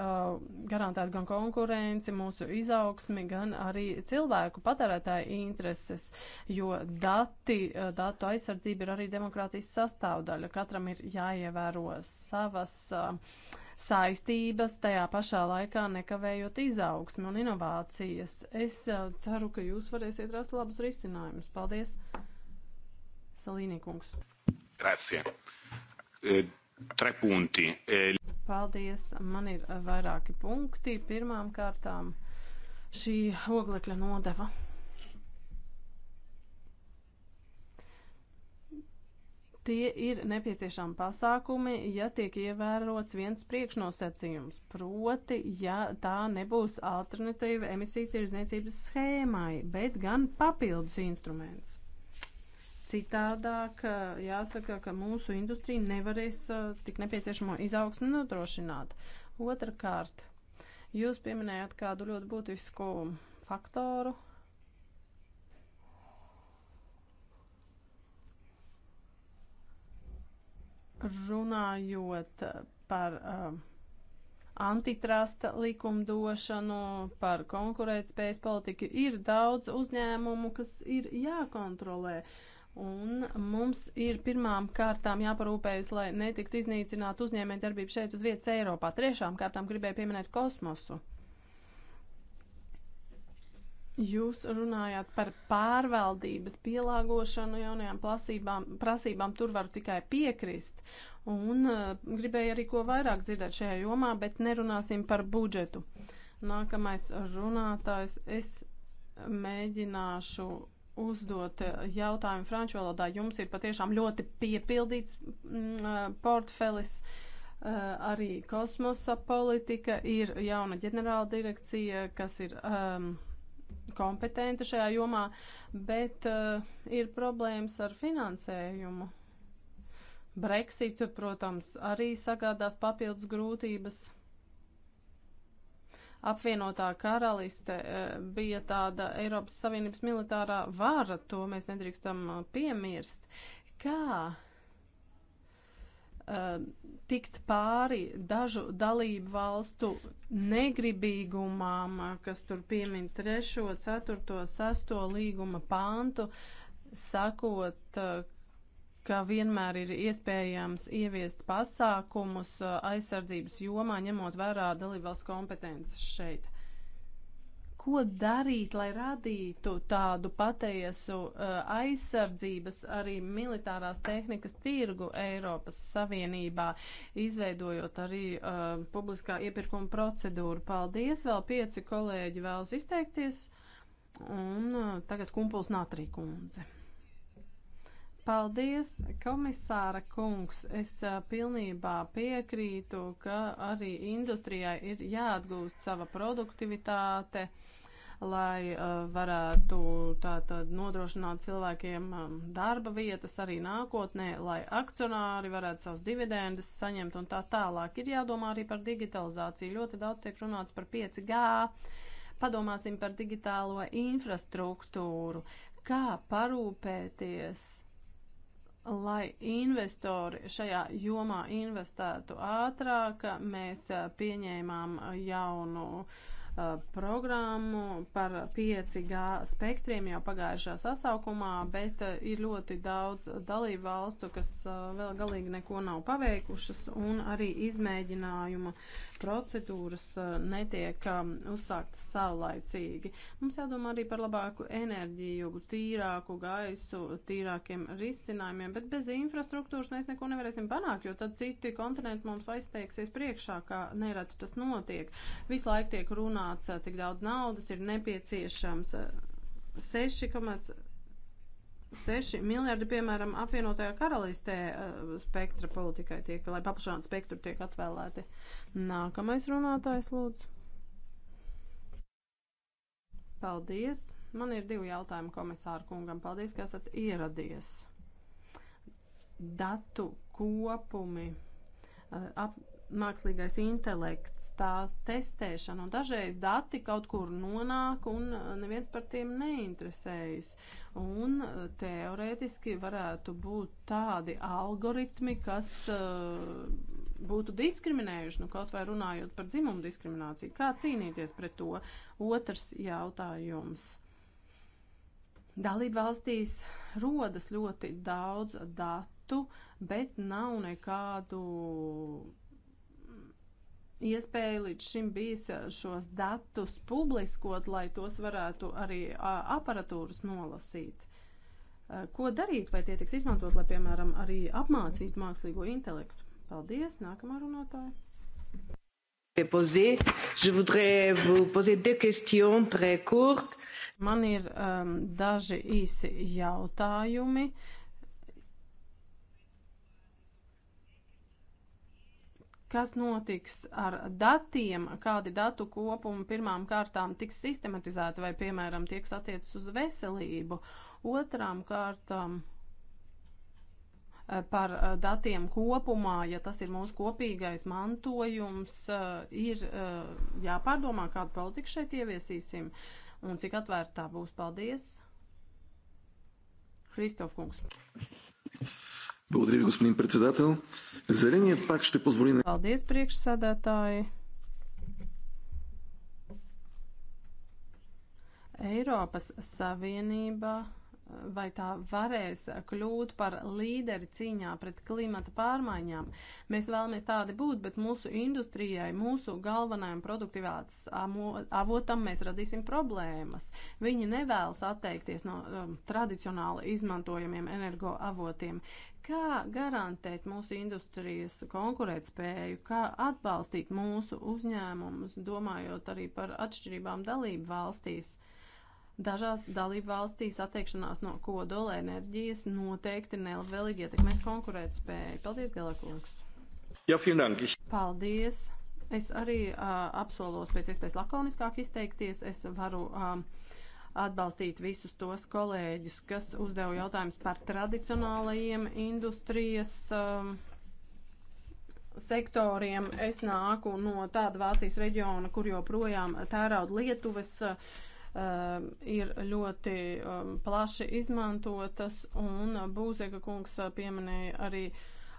garantētu gan konkurenci, mūsu izaugsmi, gan arī cilvēku patērētāju intereses, jo dati, datu aizsardzība ir arī demokrātijas sastāvdaļa. Katram ir jāievēro savas saistības, tajā pašā laikā nekavējot izaugsmi un inovācijas. Es ceru, ka jūs varēsiet rast labus risinājumus. Paldies, Salīnīkungs! Grazie. Eh, tre punti. E Paldies, man ir eh, vairāki punkti. Pirmām kārtām šī oglekļa nodeva. Tie ir nepieciešami pasākumi, ja tiek ievērots viens priekšnosacījums, proti, ja tā nebūs alternatīva emisiju tirzniecības schēmai, bet gan papildus instruments. Citādāk jāsaka, ka mūsu industrija nevarēs tik nepieciešamo izaugsmu nodrošināt. Otrakārt, jūs pieminējāt kādu ļoti būtisku faktoru. Runājot par uh, antitrusta likumdošanu, par konkurētspējas politiku, ir daudz uzņēmumu, kas ir jākontrolē. Uh, Un mums ir pirmām kārtām jāparūpējas, lai netiktu iznīcināt uzņēmēju darbību šeit uz vietas Eiropā. Trešām kārtām gribēju pieminēt kosmosu. Jūs runājāt par pārvaldības pielāgošanu jaunajām plasībām, prasībām, tur varu tikai piekrist. Un uh, gribēju arī ko vairāk dzirdēt šajā jomā, bet nerunāsim par budžetu. Nākamais runātājs, es mēģināšu uzdot eh, jautājumu franču valodā. Jums ir patiešām ļoti piepildīts mm, eh, portfelis. Eh, arī kosmosa politika ir jauna ģenerāla direkcija, kas ir um, ehm, kompetenta šajā jomā, bet uh, ir problēmas ar finansējumu. Brexit, protams, arī sagādās papildus grūtības apvienotā karaliste e, bija tāda Eiropas Savienības militārā vara, to mēs nedrīkstam e, piemirst. Kā e, tikt pāri dažu dalību valstu negribīgumām, kas tur piemin 3, 4, 6 līguma pāntu, sakot, ka vienmēr ir iespējams ieviest pasākumus uh, aizsardzības jomā, ņemot vērā dalībvalsts kompetences šeit. Ko darīt, lai radītu tādu patiesu uh, aizsardzības arī militārās tehnikas tirgu Eiropas Savienībā, izveidojot arī uh, publiskā iepirkuma procedūru? Paldies! Vēl pieci kolēģi vēlas izteikties. Un uh, tagad kumpuls Natrī kundze. Paldies, komisāra kungs. Es pilnībā piekrītu, ka arī industrijai ir jāatgūst sava produktivitāte lai uh, varētu tātad nodrošināt cilvēkiem um, darba vietas arī nākotnē, lai akcionāri varētu savus dividendus saņemt un tā tālāk. Ir jādomā arī par digitalizāciju. Ļoti daudz tiek runāts par 5G. Padomāsim par digitālo infrastruktūru. Kā parūpēties lai investori šajā jomā investētu ātrāk, mēs pieņēmām jaunu uh, programmu par 5G spektriem jau pagājušā sasaukumā, bet uh, ir ļoti daudz dalību valstu, kas uh, vēl galīgi neko nav paveikušas un arī izmēģinājuma uh, procedūras eh, netiek eh, uzsāktas saulaicīgi. Mums jādomā arī par labāku enerģiju, tīrāku gaisu, tīrākiem risinājumiem, bet bez infrastruktūras mēs neko nevarēsim panākt, jo tad citi kontinenti mums aizteiksies priekšā, kā nereti tas notiek. Visu laiku tiek runāts, eh, cik daudz naudas ir nepieciešams. 6, 6 miljardi, piemēram, apvienotajā karalistē eh, spektra politikai tiek, lai paplašinātu spektru, tiek atvēlēti. Nākamais runātājs, lūdzu. Paldies. Man ir divi jautājumi komisāru kungam. Paldies, ka esat ieradies. Datu kopumi. Eh, ap, mākslīgais intelekts, tā testēšana, un dažreiz dati kaut kur nonāk, un uh, neviens par tiem neinteresējas. Un uh, teorētiski varētu būt tādi algoritmi, kas uh, būtu diskriminējuši, nu kaut vai runājot par dzimumu diskrimināciju. Kā cīnīties pret to? Otrs jautājums. Dalību valstīs rodas ļoti daudz datu, bet nav nekādu iespēja līdz šim bijis eh, šos datus publiskot, lai tos varētu arī aparatūras nolasīt. Eh, ko darīt, vai tie tiks izmantot, lai, piemēram, arī apmācītu mākslīgo intelektu? Paldies, nākamā runātāja. Man ir um, daži īsi jautājumi. Uh, kas notiks ar datiem, kādi datu kopumi pirmām kārtām tiks sistematizēti vai, piemēram, tiek satiecas uz veselību, otrām kārtām eh, par eh, datiem kopumā, ja tas ir mūsu kopīgais mantojums, eh, ir jāpārdomā, kādu politiku šeit ieviesīsim un cik atvērtā būs. Paldies! Kristof Kungs. Благодаря ви, господин председател. Зеленият пак ще позволи на... Paldies, priekšsēdētāji. Eiropas Savienībā vai tā varēs kļūt par līderi cīņā pret klimata pārmaiņām. Mēs vēlamies tādi būt, bet mūsu industrijai, mūsu galvenajam produktivitātes avotam mēs radīsim problēmas. Viņi nevēlas atteikties no um, tradicionāli izmantojamiem energoavotiem. Kā garantēt mūsu industrijas konkurētspēju, kā atbalstīt mūsu uzņēmumus, domājot arī par atšķirībām dalību valstīs? Uh, Dažās dalību valstīs attiekšanās no kodola enerģijas noteikti nelabvēlīgi ietekmēs konkurētspēju. Paldies, Galakungs! Jā, ja, Paldies! Es arī uh, apsolos pēc iespējas lakoniskāk izteikties. Es varu uh, atbalstīt visus tos kolēģus, kas uzdeva jautājumus par tradicionālajiem industrijas um, sektoriem. Es nāku no tāda Vācijas reģiona, kur joprojām tērauda Lietuvas. Uh, um, ir ļoti um, plaši izmantotas, un Būzeka kungs eh, pieminēja arī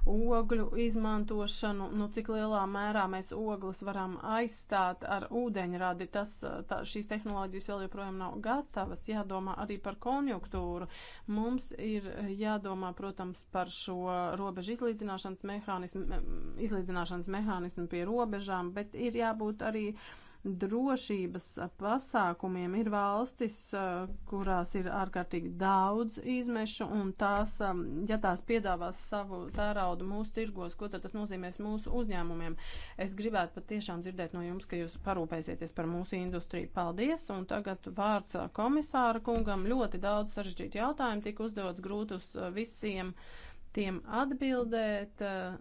ogļu izmantošanu, nu cik lielā mērā mēs ogles varam aizstāt ar ūdeņradi, tas, eh, tā, šīs tehnoloģijas vēl joprojām nav gatavas, jādomā arī par konjunktūru. Mums ir eh, jādomā, protams, par šo robežu izlīdzināšanas mehānismu, izlīdzināšanas mehānismu pie robežām, bet ir jābūt arī uh, drošības pasākumiem. Ir valstis, kurās ir ārkārtīgi daudz izmešu, un tās, ja tās piedāvās savu tēraudu mūsu tirgos, ko tad tas nozīmēs mūsu uzņēmumiem? Es gribētu patiešām dzirdēt no jums, ka jūs parūpēsieties par mūsu industriju. Paldies! Un tagad vārds komisāra kungam. Ļoti daudz sarežģītu jautājumu tika uzdots grūti uz visiem tiem atbildēt. Uh,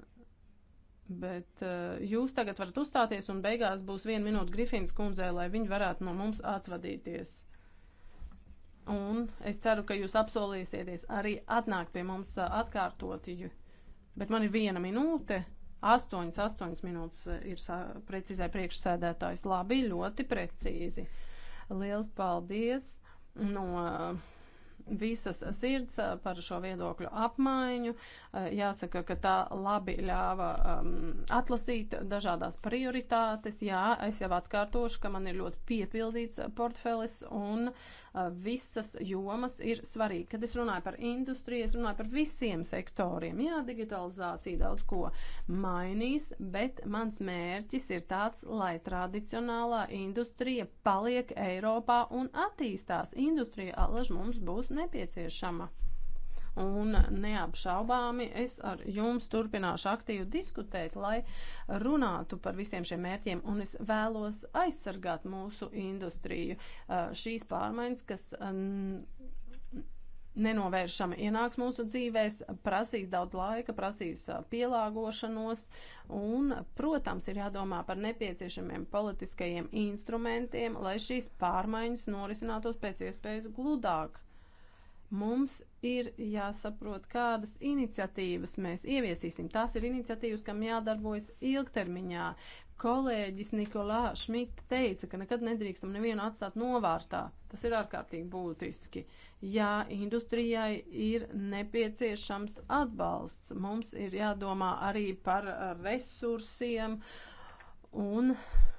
Bet uh, jūs tagad varat uzstāties un beigās būs viena minūte Grifins kundzē, lai viņi varētu no mums atvadīties. Un es ceru, ka jūs apsolīsieties arī atnākt pie mums uh, eh, atkārtoti, bet man ir viena minūte. Astoņas, astoņas minūtes eh, ir precīzai priekšsēdētājs. Labi, ļoti precīzi. Liels paldies! No, uh, visas sirds eh, par šo viedokļu apmaiņu. Eh, jāsaka, ka tā labi ļāva um, atlasīt dažādās prioritātes. Jā, es jau atkārtošu, ka man ir ļoti piepildīts eh, portfelis un uh, Eh, visas jomas ir svarīgi. Kad es runāju par industriju, es runāju par visiem sektoriem. Jā, digitalizācija daudz ko mainīs, bet mans mērķis ir tāds, lai tradicionālā industrija paliek Eiropā un attīstās. Industrija allaž mums būs nepieciešama un neapšaubāmi es ar jums turpināšu aktīvi diskutēt, lai runātu par visiem šiem mērķiem, un es vēlos aizsargāt mūsu industriju. Šīs pārmaiņas, kas nenovēršami ienāks mūsu dzīvēs, prasīs daudz laika, prasīs pielāgošanos, un, protams, ir jādomā par nepieciešamiem politiskajiem instrumentiem, lai šīs pārmaiņas norisinātos pēc iespējas gludāk. Mums ir jāsaprot, kādas iniciatīvas mēs ieviesīsim. Tās ir iniciatīvas, kam jādarbojas ilgtermiņā. Kolēģis Nikolā Šmita teica, ka nekad nedrīkstam nevienu atstāt novārtā. Tas ir ārkārtīgi būtiski. Jā, industrijai ir nepieciešams atbalsts. Mums ir jādomā arī par resursiem un uh,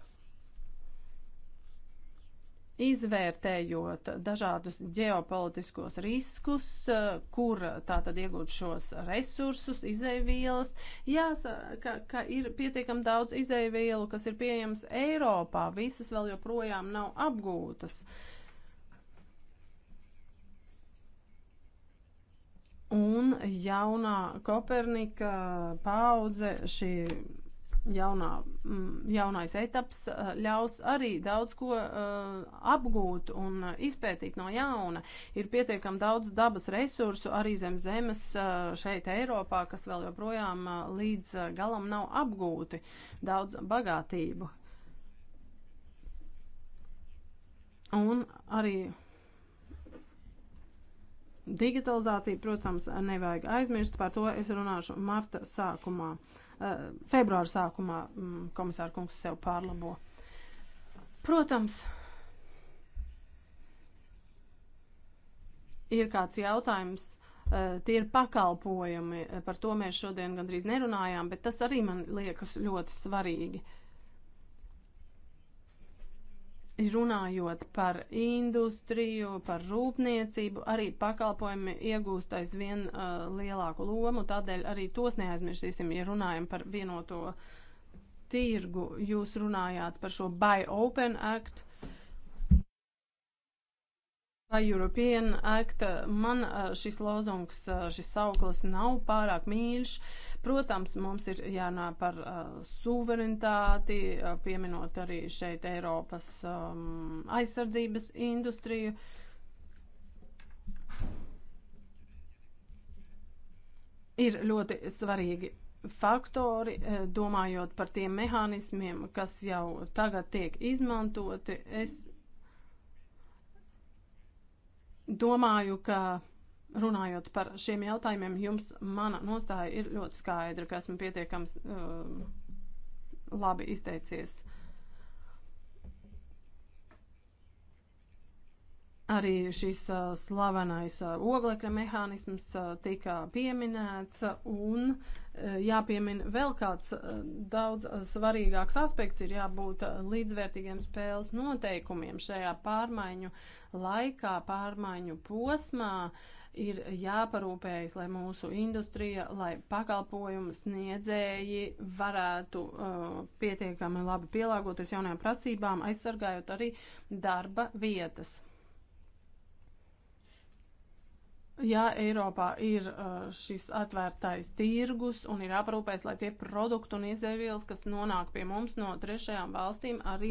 izvērtējot dažādus ģeopolitiskos riskus, eh, kur tātad iegūt šos resursus, izēvielas. Jāsaka, ka ir pietiekam daudz izēvielu, kas ir pieejams Eiropā, visas vēl joprojām nav apgūtas. Un jaunā Kopernika paudze šī jaunā, mm, jaunais etaps eh, ļaus arī daudz ko eh, apgūt un eh, izpētīt no jauna. Ir pietiekami daudz dabas resursu arī zem zemes šeit Eiropā, kas vēl joprojām līdz galam nav apgūti. Daudz bagātību. Un arī digitalizācija, protams, nevajag aizmirst, par to es runāšu marta sākumā. Uh, Eh, februāra sākumā mm, komisāra kungs sev pārlabo. Protams, ir kāds jautājums, eh, tie ir pakalpojumi, eh, par to mēs šodien gandrīz nerunājām, bet tas arī man liekas ļoti svarīgi. Uh, runājot par industriju, par rūpniecību, arī pakalpojumi iegūst aizvien uh, lielāku lomu, tādēļ arī tos neaizmirsīsim, ja runājam par vienoto tirgu. Jūs runājāt par šo Buy Open Act. Vai European Act, man uh, šis lozungs, uh, šis sauklis nav pārāk mīļš, uh, Protams, mums ir jārunā par uh, suverenitāti, uh, pieminot arī šeit Eiropas um, aizsardzības industriju. Ir ļoti svarīgi faktori, uh, domājot par tiem mehānismiem, kas jau tagad tiek izmantoti. Es domāju, ka runājot par šiem jautājumiem, jums mana nostāja ir ļoti skaidra, ka esmu pietiekams uh, labi izteicies. Arī šis uh, slavenais uh, oglekļa mehānisms uh, tika pieminēts, uh, un uh, jāpiemin vēl kāds uh, daudz uh, svarīgāks aspekts ir jābūt uh, līdzvērtīgiem spēles noteikumiem šajā pārmaiņu laikā, pārmaiņu posmā. Uh, ir jāparūpējas, lai mūsu industrija, lai pakalpojumu sniedzēji varētu uh, pietiekami labi pielāgoties jaunajām prasībām, aizsargājot arī darba vietas. Jā, Eiropā ir uh, šis atvērtais tirgus un ir aprūpēs, lai tie produkti un izēvielas, kas nonāk pie mums no trešajām valstīm, arī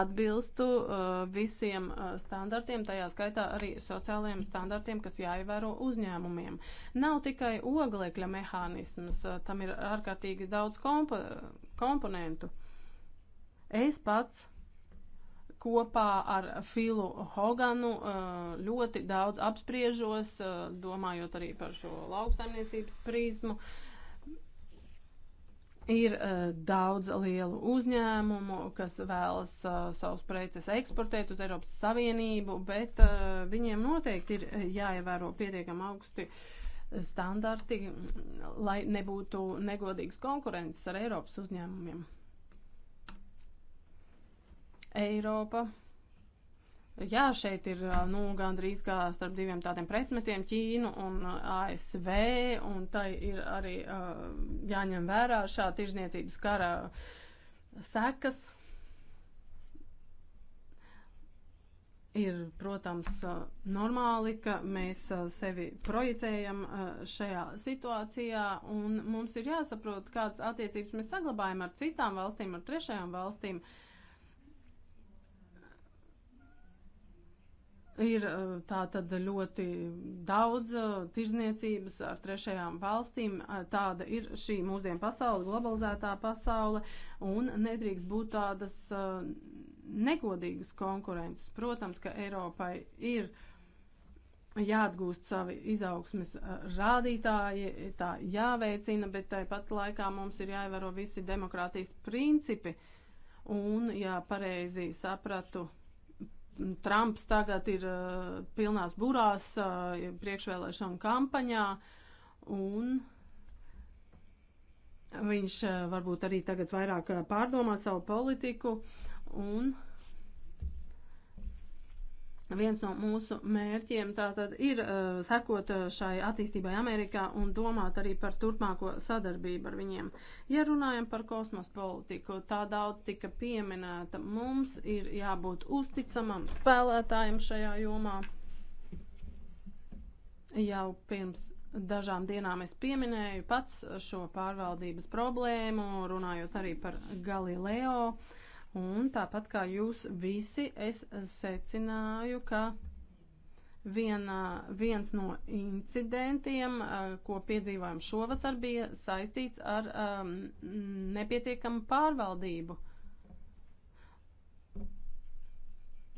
atbilstu uh, visiem uh, standartiem, tajā skaitā arī sociālajiem standartiem, kas jāievēro uzņēmumiem. Nav tikai oglekļa mehānisms, tam ir ārkārtīgi daudz komp komponentu. Es pats kopā ar Filu Hoganu eh, ļoti daudz apspriežos, eh, domājot arī par šo lauksaimniecības prizmu. Ir eh, daudz lielu uzņēmumu, kas vēlas savus preces eksportēt uz Eiropas Savienību, bet viņiem noteikti ir jāievēro pietiekami augsti standarti, lai nebūtu negodīgas konkurences ar Eiropas uzņēmumiem. Eiropa. Jā, šeit ir nu, gandrīz kā starp diviem tādiem pretmetiem - Ķīnu un ASV, un tai ir arī uh, jāņem vērā šā tirzniecības kara sekas. Ir, protams, normāli, ka mēs sevi projicējam šajā situācijā, un mums ir jāsaprot, kādas attiecības mēs saglabājam ar citām valstīm, ar trešajām valstīm. Uh, Ir e, tā tad ļoti daudz e, tirzniecības ar trešajām valstīm. E, tāda ir šī mūsdienu pasaule, globalizētā pasaule, un nedrīkst būt tādas negodīgas konkurences. Protams, ka Eiropai ir jāatgūst savi izaugsmes rādītāji, tā jāveicina, bet tāpat laikā mums ir jāievēro visi demokrātijas principi. Un, ja pareizi sapratu, Trumps tagad ir uh, pilnās burās uh, priekšvēlēšanu kampaņā, un viņš uh, varbūt arī tagad vairāk pārdomā savu politiku, un Viens no mūsu mērķiem tātad ir uh, sekot uh, šai attīstībai Amerikā un domāt arī par turpmāko sadarbību ar viņiem. Ja runājam par kosmos politiku, tā daudz tika pieminēta. Mums ir jābūt uzticamam spēlētājam šajā jomā. Jau pirms dažām dienām es pieminēju pats šo pārvaldības problēmu, runājot arī par Galileo. Uh, Un tāpat kā jūs visi, es secināju, ka viena, viens no incidentiem, ko piedzīvājām šovasar, bija saistīts ar um, nepietiekamu pārvaldību.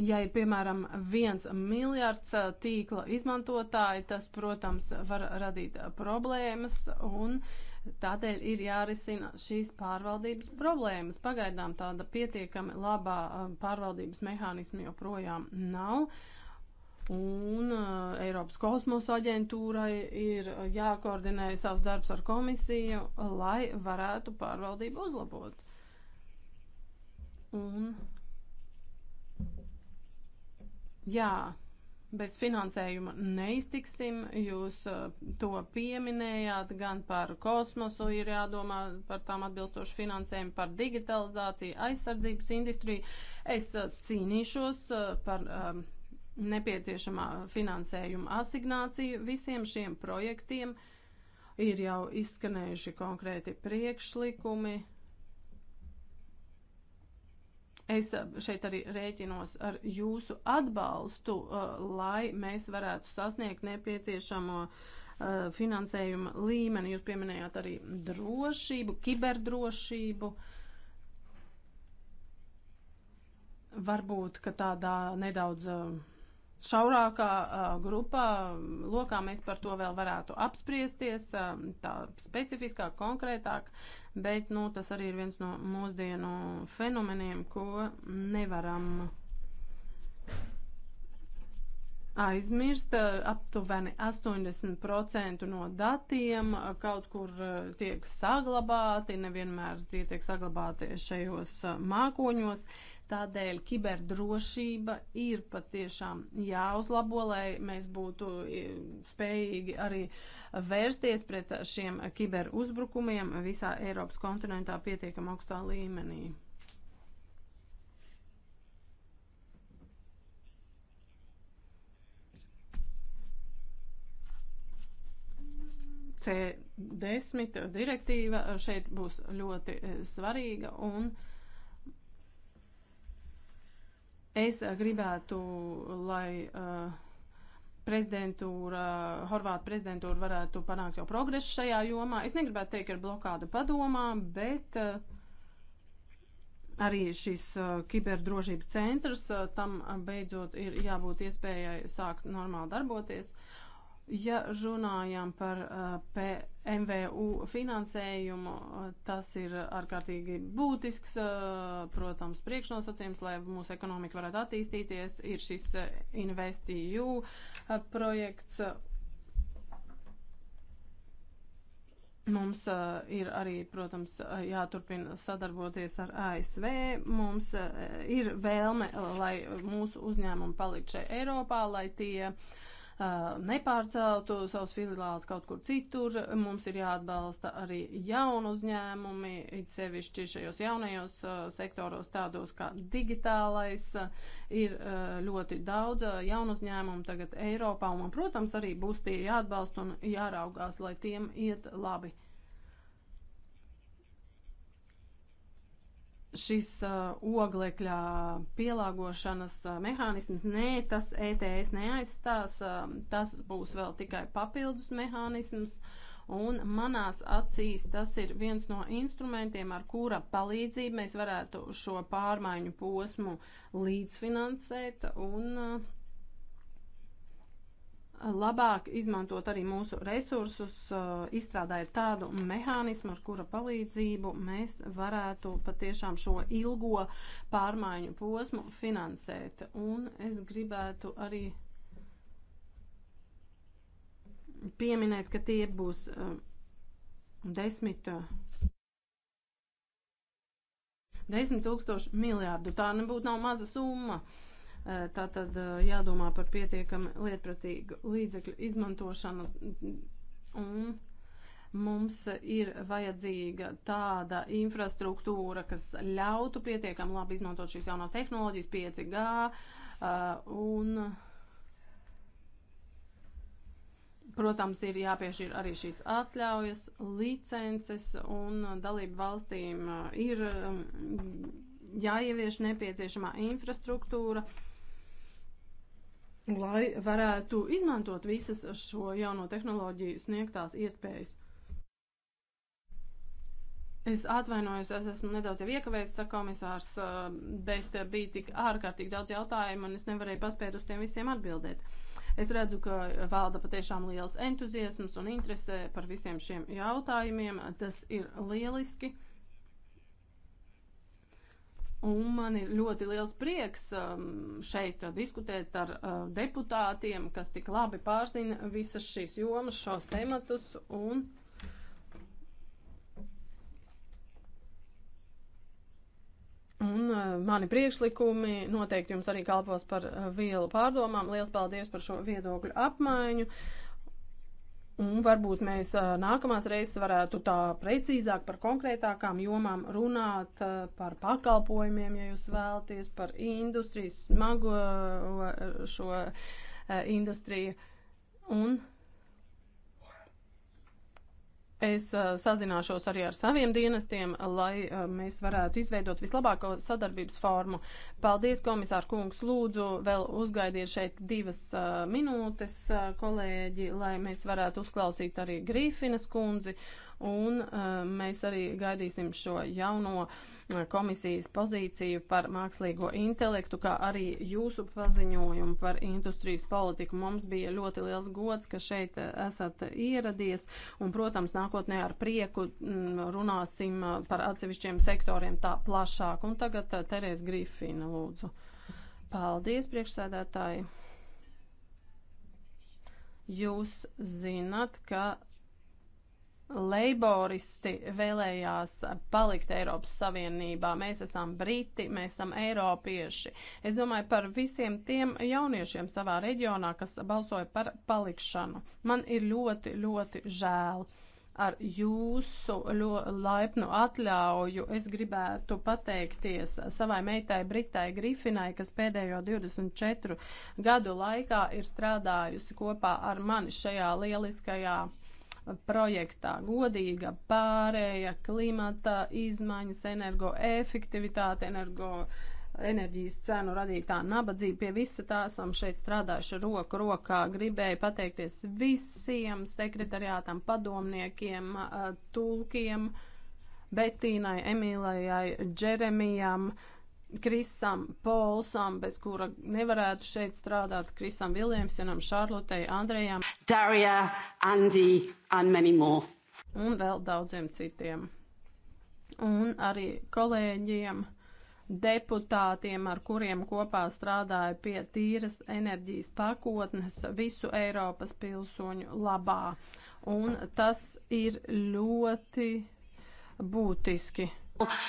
Ja ir, piemēram, viens miljards tīkla izmantotāji, tas, protams, var radīt problēmas un uh, Tādēļ ir jārisina šīs pārvaldības problēmas. Pagaidām tāda pietiekami labā pārvaldības mehānisma joprojām nav. Un uh, Eiropas kosmosa aģentūrai ir jākoordinē savs darbs ar komisiju, lai varētu pārvaldību uzlabot. Un, jā, Bez finansējuma neiztiksim, jūs uh, to pieminējāt, gan par kosmosu ir jādomā par tām atbilstošu finansējumu, par digitalizāciju, aizsardzības industriju. Es uh, cīnīšos uh, par um, nepieciešamā finansējuma asignāciju visiem šiem projektiem. Ir jau izskanējuši konkrēti priekšlikumi, Es eh, šeit arī rēķinos ar jūsu atbalstu, eh, lai mēs varētu sasniegt nepieciešamo eh, finansējuma līmeni. Jūs pieminējāt arī drošību, kiberdrošību. Varbūt, ka tādā nedaudz uh, šaurākā uh, grupā, lokā mēs par to vēl varētu apspriesties, um, tā specifiskāk, konkrētāk, bet, nu, tas arī ir viens no mūsdienu fenomeniem, ko nevaram aizmirst. Aptuveni 80% no datiem uh, kaut kur uh, tiek saglabāti, nevienmēr tie tiek saglabāti šajos mākoņos. Tādēļ kiberdrošība ir patiešām jāuzlabo, lai mēs būtu e, spējīgi arī vērsties pret šiem kiberuzbrukumiem visā Eiropas kontinentā pietiekam augstā līmenī. C10 direktīva šeit būs ļoti e, svarīga un uh, Es eh, gribētu, lai uh, prezidentūra, Horvāta prezidentūra varētu panākt jau progresu šajā jomā. Es negribētu teikt, ka ir blokāda padomā, bet uh, arī šis uh, kiberdrošības centrs, tam beidzot ir jābūt iespējai sākt normāli darboties. Uh, Ja runājam par uh, MVU finansējumu, uh, tas ir ārkārtīgi būtisks, uh, protams, priekšnosacījums, lai mūsu ekonomika varētu attīstīties. Ir šis uh, InvestEU uh, projekts. Mums uh, ir arī, protams, uh, jāturpina sadarboties ar ASV. Mums uh, ir vēlme, lai mūsu uzņēmumi palikt šeit Eiropā, lai tie uh, nepārceltu savus filiālus kaut kur citur. Mums ir jāatbalsta arī jaunu uzņēmumi, it sevišķi šajos jaunajos sektoros, tādos kā digitālais. Ir ļoti daudz jaunu uzņēmumu tagad Eiropā, un, protams, arī būs tie jāatbalsta un jāraugās, lai tiem iet labi. šis uh, oglekļa pielāgošanas uh, mehānisms, nē, tas ETS neaizstās, uh, tas būs vēl tikai papildus mehānisms. Un manās acīs tas ir viens no instrumentiem, ar kura palīdzību mēs varētu šo pārmaiņu posmu līdzfinansēt un uh, labāk izmantot arī mūsu resursus, uh, izstrādājot tādu mehānismu, ar kura palīdzību mēs varētu patiešām šo ilgo pārmaiņu posmu finansēt. Un es gribētu arī pieminēt, ka tie būs uh, desmit. Uh, desmit tūkstoši miljārdu. Tā nebūtu nav maza summa. Uh, Eh, Tā tad eh, jādomā par pietiekami lietpratīgu līdzekļu izmantošanu un mums ir vajadzīga tāda infrastruktūra, kas ļautu pietiekami labi izmantot šīs jaunās tehnoloģijas, 5G eh, un. Protams, ir jāpiešķir arī šīs atļaujas, licences un dalību valstīm ir mm, jāievieš nepieciešamā infrastruktūra. Uh, lai varētu izmantot visas šo jauno tehnoloģiju sniegtās iespējas. Es atvainojos, es esmu nedaudz jau iekavējis, saka komisārs, eh, bet bija tik ārkārtīgi daudz jautājumu un es nevarēju paspēt uz tiem visiem atbildēt. Es redzu, ka valda patiešām liels entuziasms un interese par visiem šiem jautājumiem. Tas ir lieliski. Un man ir ļoti liels prieks um, šeit uh, diskutēt ar uh, deputātiem, kas tik labi pārzina visas šīs jomas, šos tematus. Un Un uh, mani priekšlikumi noteikti jums arī kalpos par vielu pārdomām. Lielas paldies par šo viedokļu apmaiņu. Uh, Un varbūt mēs nākamās reizes varētu tā precīzāk par konkrētākām jomām runāt, par pakalpojumiem, ja jūs vēlaties, par industrijas, smago šo industriju. Un Es uh, sazināšos arī ar saviem dienestiem, lai uh, mēs varētu izveidot vislabāko sadarbības formu. Paldies, komisār kungs, lūdzu, vēl uzgaidiet šeit divas uh, minūtes, uh, kolēģi, lai mēs varētu uzklausīt arī Grīfinas kundzi. Uh, un uh, mēs arī gaidīsim šo jauno uh, komisijas pozīciju par mākslīgo intelektu, kā arī jūsu paziņojumu par industrijas politiku. Mums bija ļoti liels gods, ka šeit uh, esat ieradies, un, protams, nākotnē ar prieku mm, runāsim par atsevišķiem sektoriem tā plašāk. Un tagad Terēs Grifina, lūdzu. Paldies, priekšsēdētāji! Jūs zinat, ka Leiboristi vēlējās palikt Eiropas Savienībā. Mēs esam briti, mēs esam eiropieši. Es domāju par visiem tiem jauniešiem savā reģionā, kas balsoja par palikšanu. Man ir ļoti, ļoti žēl. Ar jūsu laipnu atļauju es gribētu pateikties savai meitai Britai Grifinai, kas pēdējo 24 gadu laikā ir strādājusi kopā ar mani šajā lieliskajā uh, projektā. Godīga pārēja, klimata izmaiņas, energoefektivitāte, energo enerģijas cenu radītā nabadzība. Pie visa tā esam šeit strādājuši roku rokā. Gribēju pateikties visiem sekretariātam, padomniekiem, tulkiem, Betīnai, Emīlajai, Džeremijam. Uh, Krisam Polsam, bez kura nevarētu šeit strādāt, Krisam Viljamsenam, Šarlotei, Andrejam, Darija, Andy and many more. Un vēl daudziem citiem. Un arī kolēģiem, deputātiem, ar kuriem kopā strādāju pie tīras enerģijas pakotnes visu Eiropas pilsoņu labā. Un tas ir ļoti būtiski.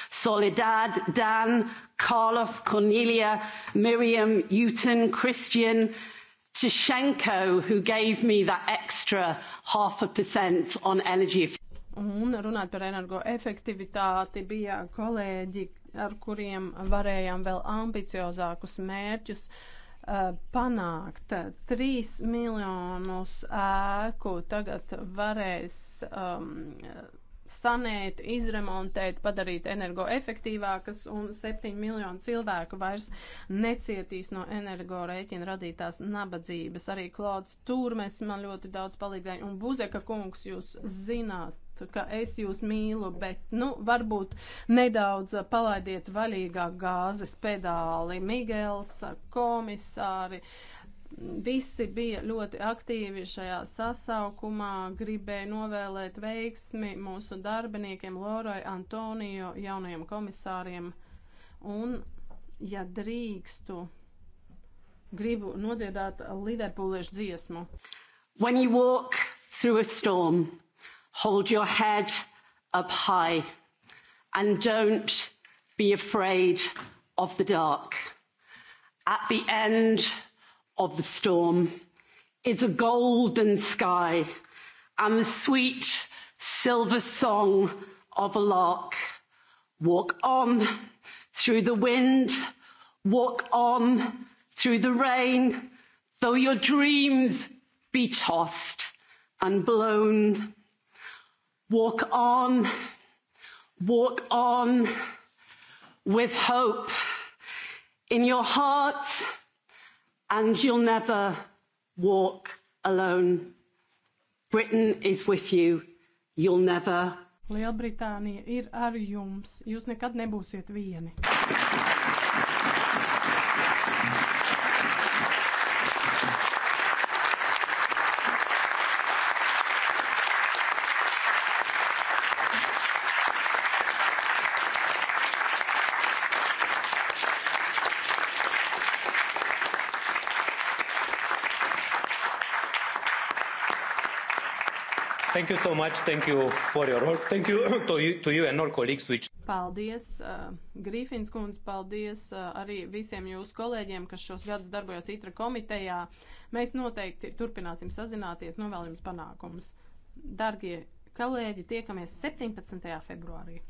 Soledad, Dan, Carlos, Cornelia, Miriam, Uten, Christian, Tishenko, who gave me that extra half a percent on energy. Un runāt par energoefektivitāti bija kolēģi, ar kuriem varējām vēl ambiciozākus mērķus uh, panākt. Trīs miljonus ēku tagad varēs um, sanēt, izremontēt, padarīt energoefektīvākas, un 7 miljonu cilvēku vairs necietīs no energorēķina radītās nabadzības. Arī Klauds Tūrmes man ļoti daudz palīdzēja, un Buzeka kungs jūs zināt ka es jūs mīlu, bet, nu, varbūt nedaudz palaidiet vaļīgā gāzes pedāli. Migels, komisāri, uh, visi bija ļoti aktīvi šajā sasaukumā, gribēja novēlēt veiksmi mūsu darbiniekiem, Lorai, Antonio, jaunajiem komisāriem. Un, ja drīkstu, gribu nodziedāt Liverpūliešu dziesmu. When you walk through a storm, hold your head up high and don't be afraid of the dark. At the end of the storm. It's a golden sky and the sweet silver song of a lark. Walk on through the wind, walk on through the rain, though your dreams be tossed and blown. Walk on, walk on with hope in your heart and you'll never walk alone. Britain is with you. You'll never. Lielbritānija ir ar jums. Jūs nekad nebūsiet vieni. Thank you so much. Thank you for your role. Thank you to you, to you and all colleagues which. Paldies, uh, Grīfins kundze, paldies uh, arī visiem jūsu kolēģiem, kas šos gadus darbojas ITRA komitejā. Mēs noteikti turpināsim sazināties, novēl jums panākumus. Dargie kolēģi, tiekamies 17. februārī.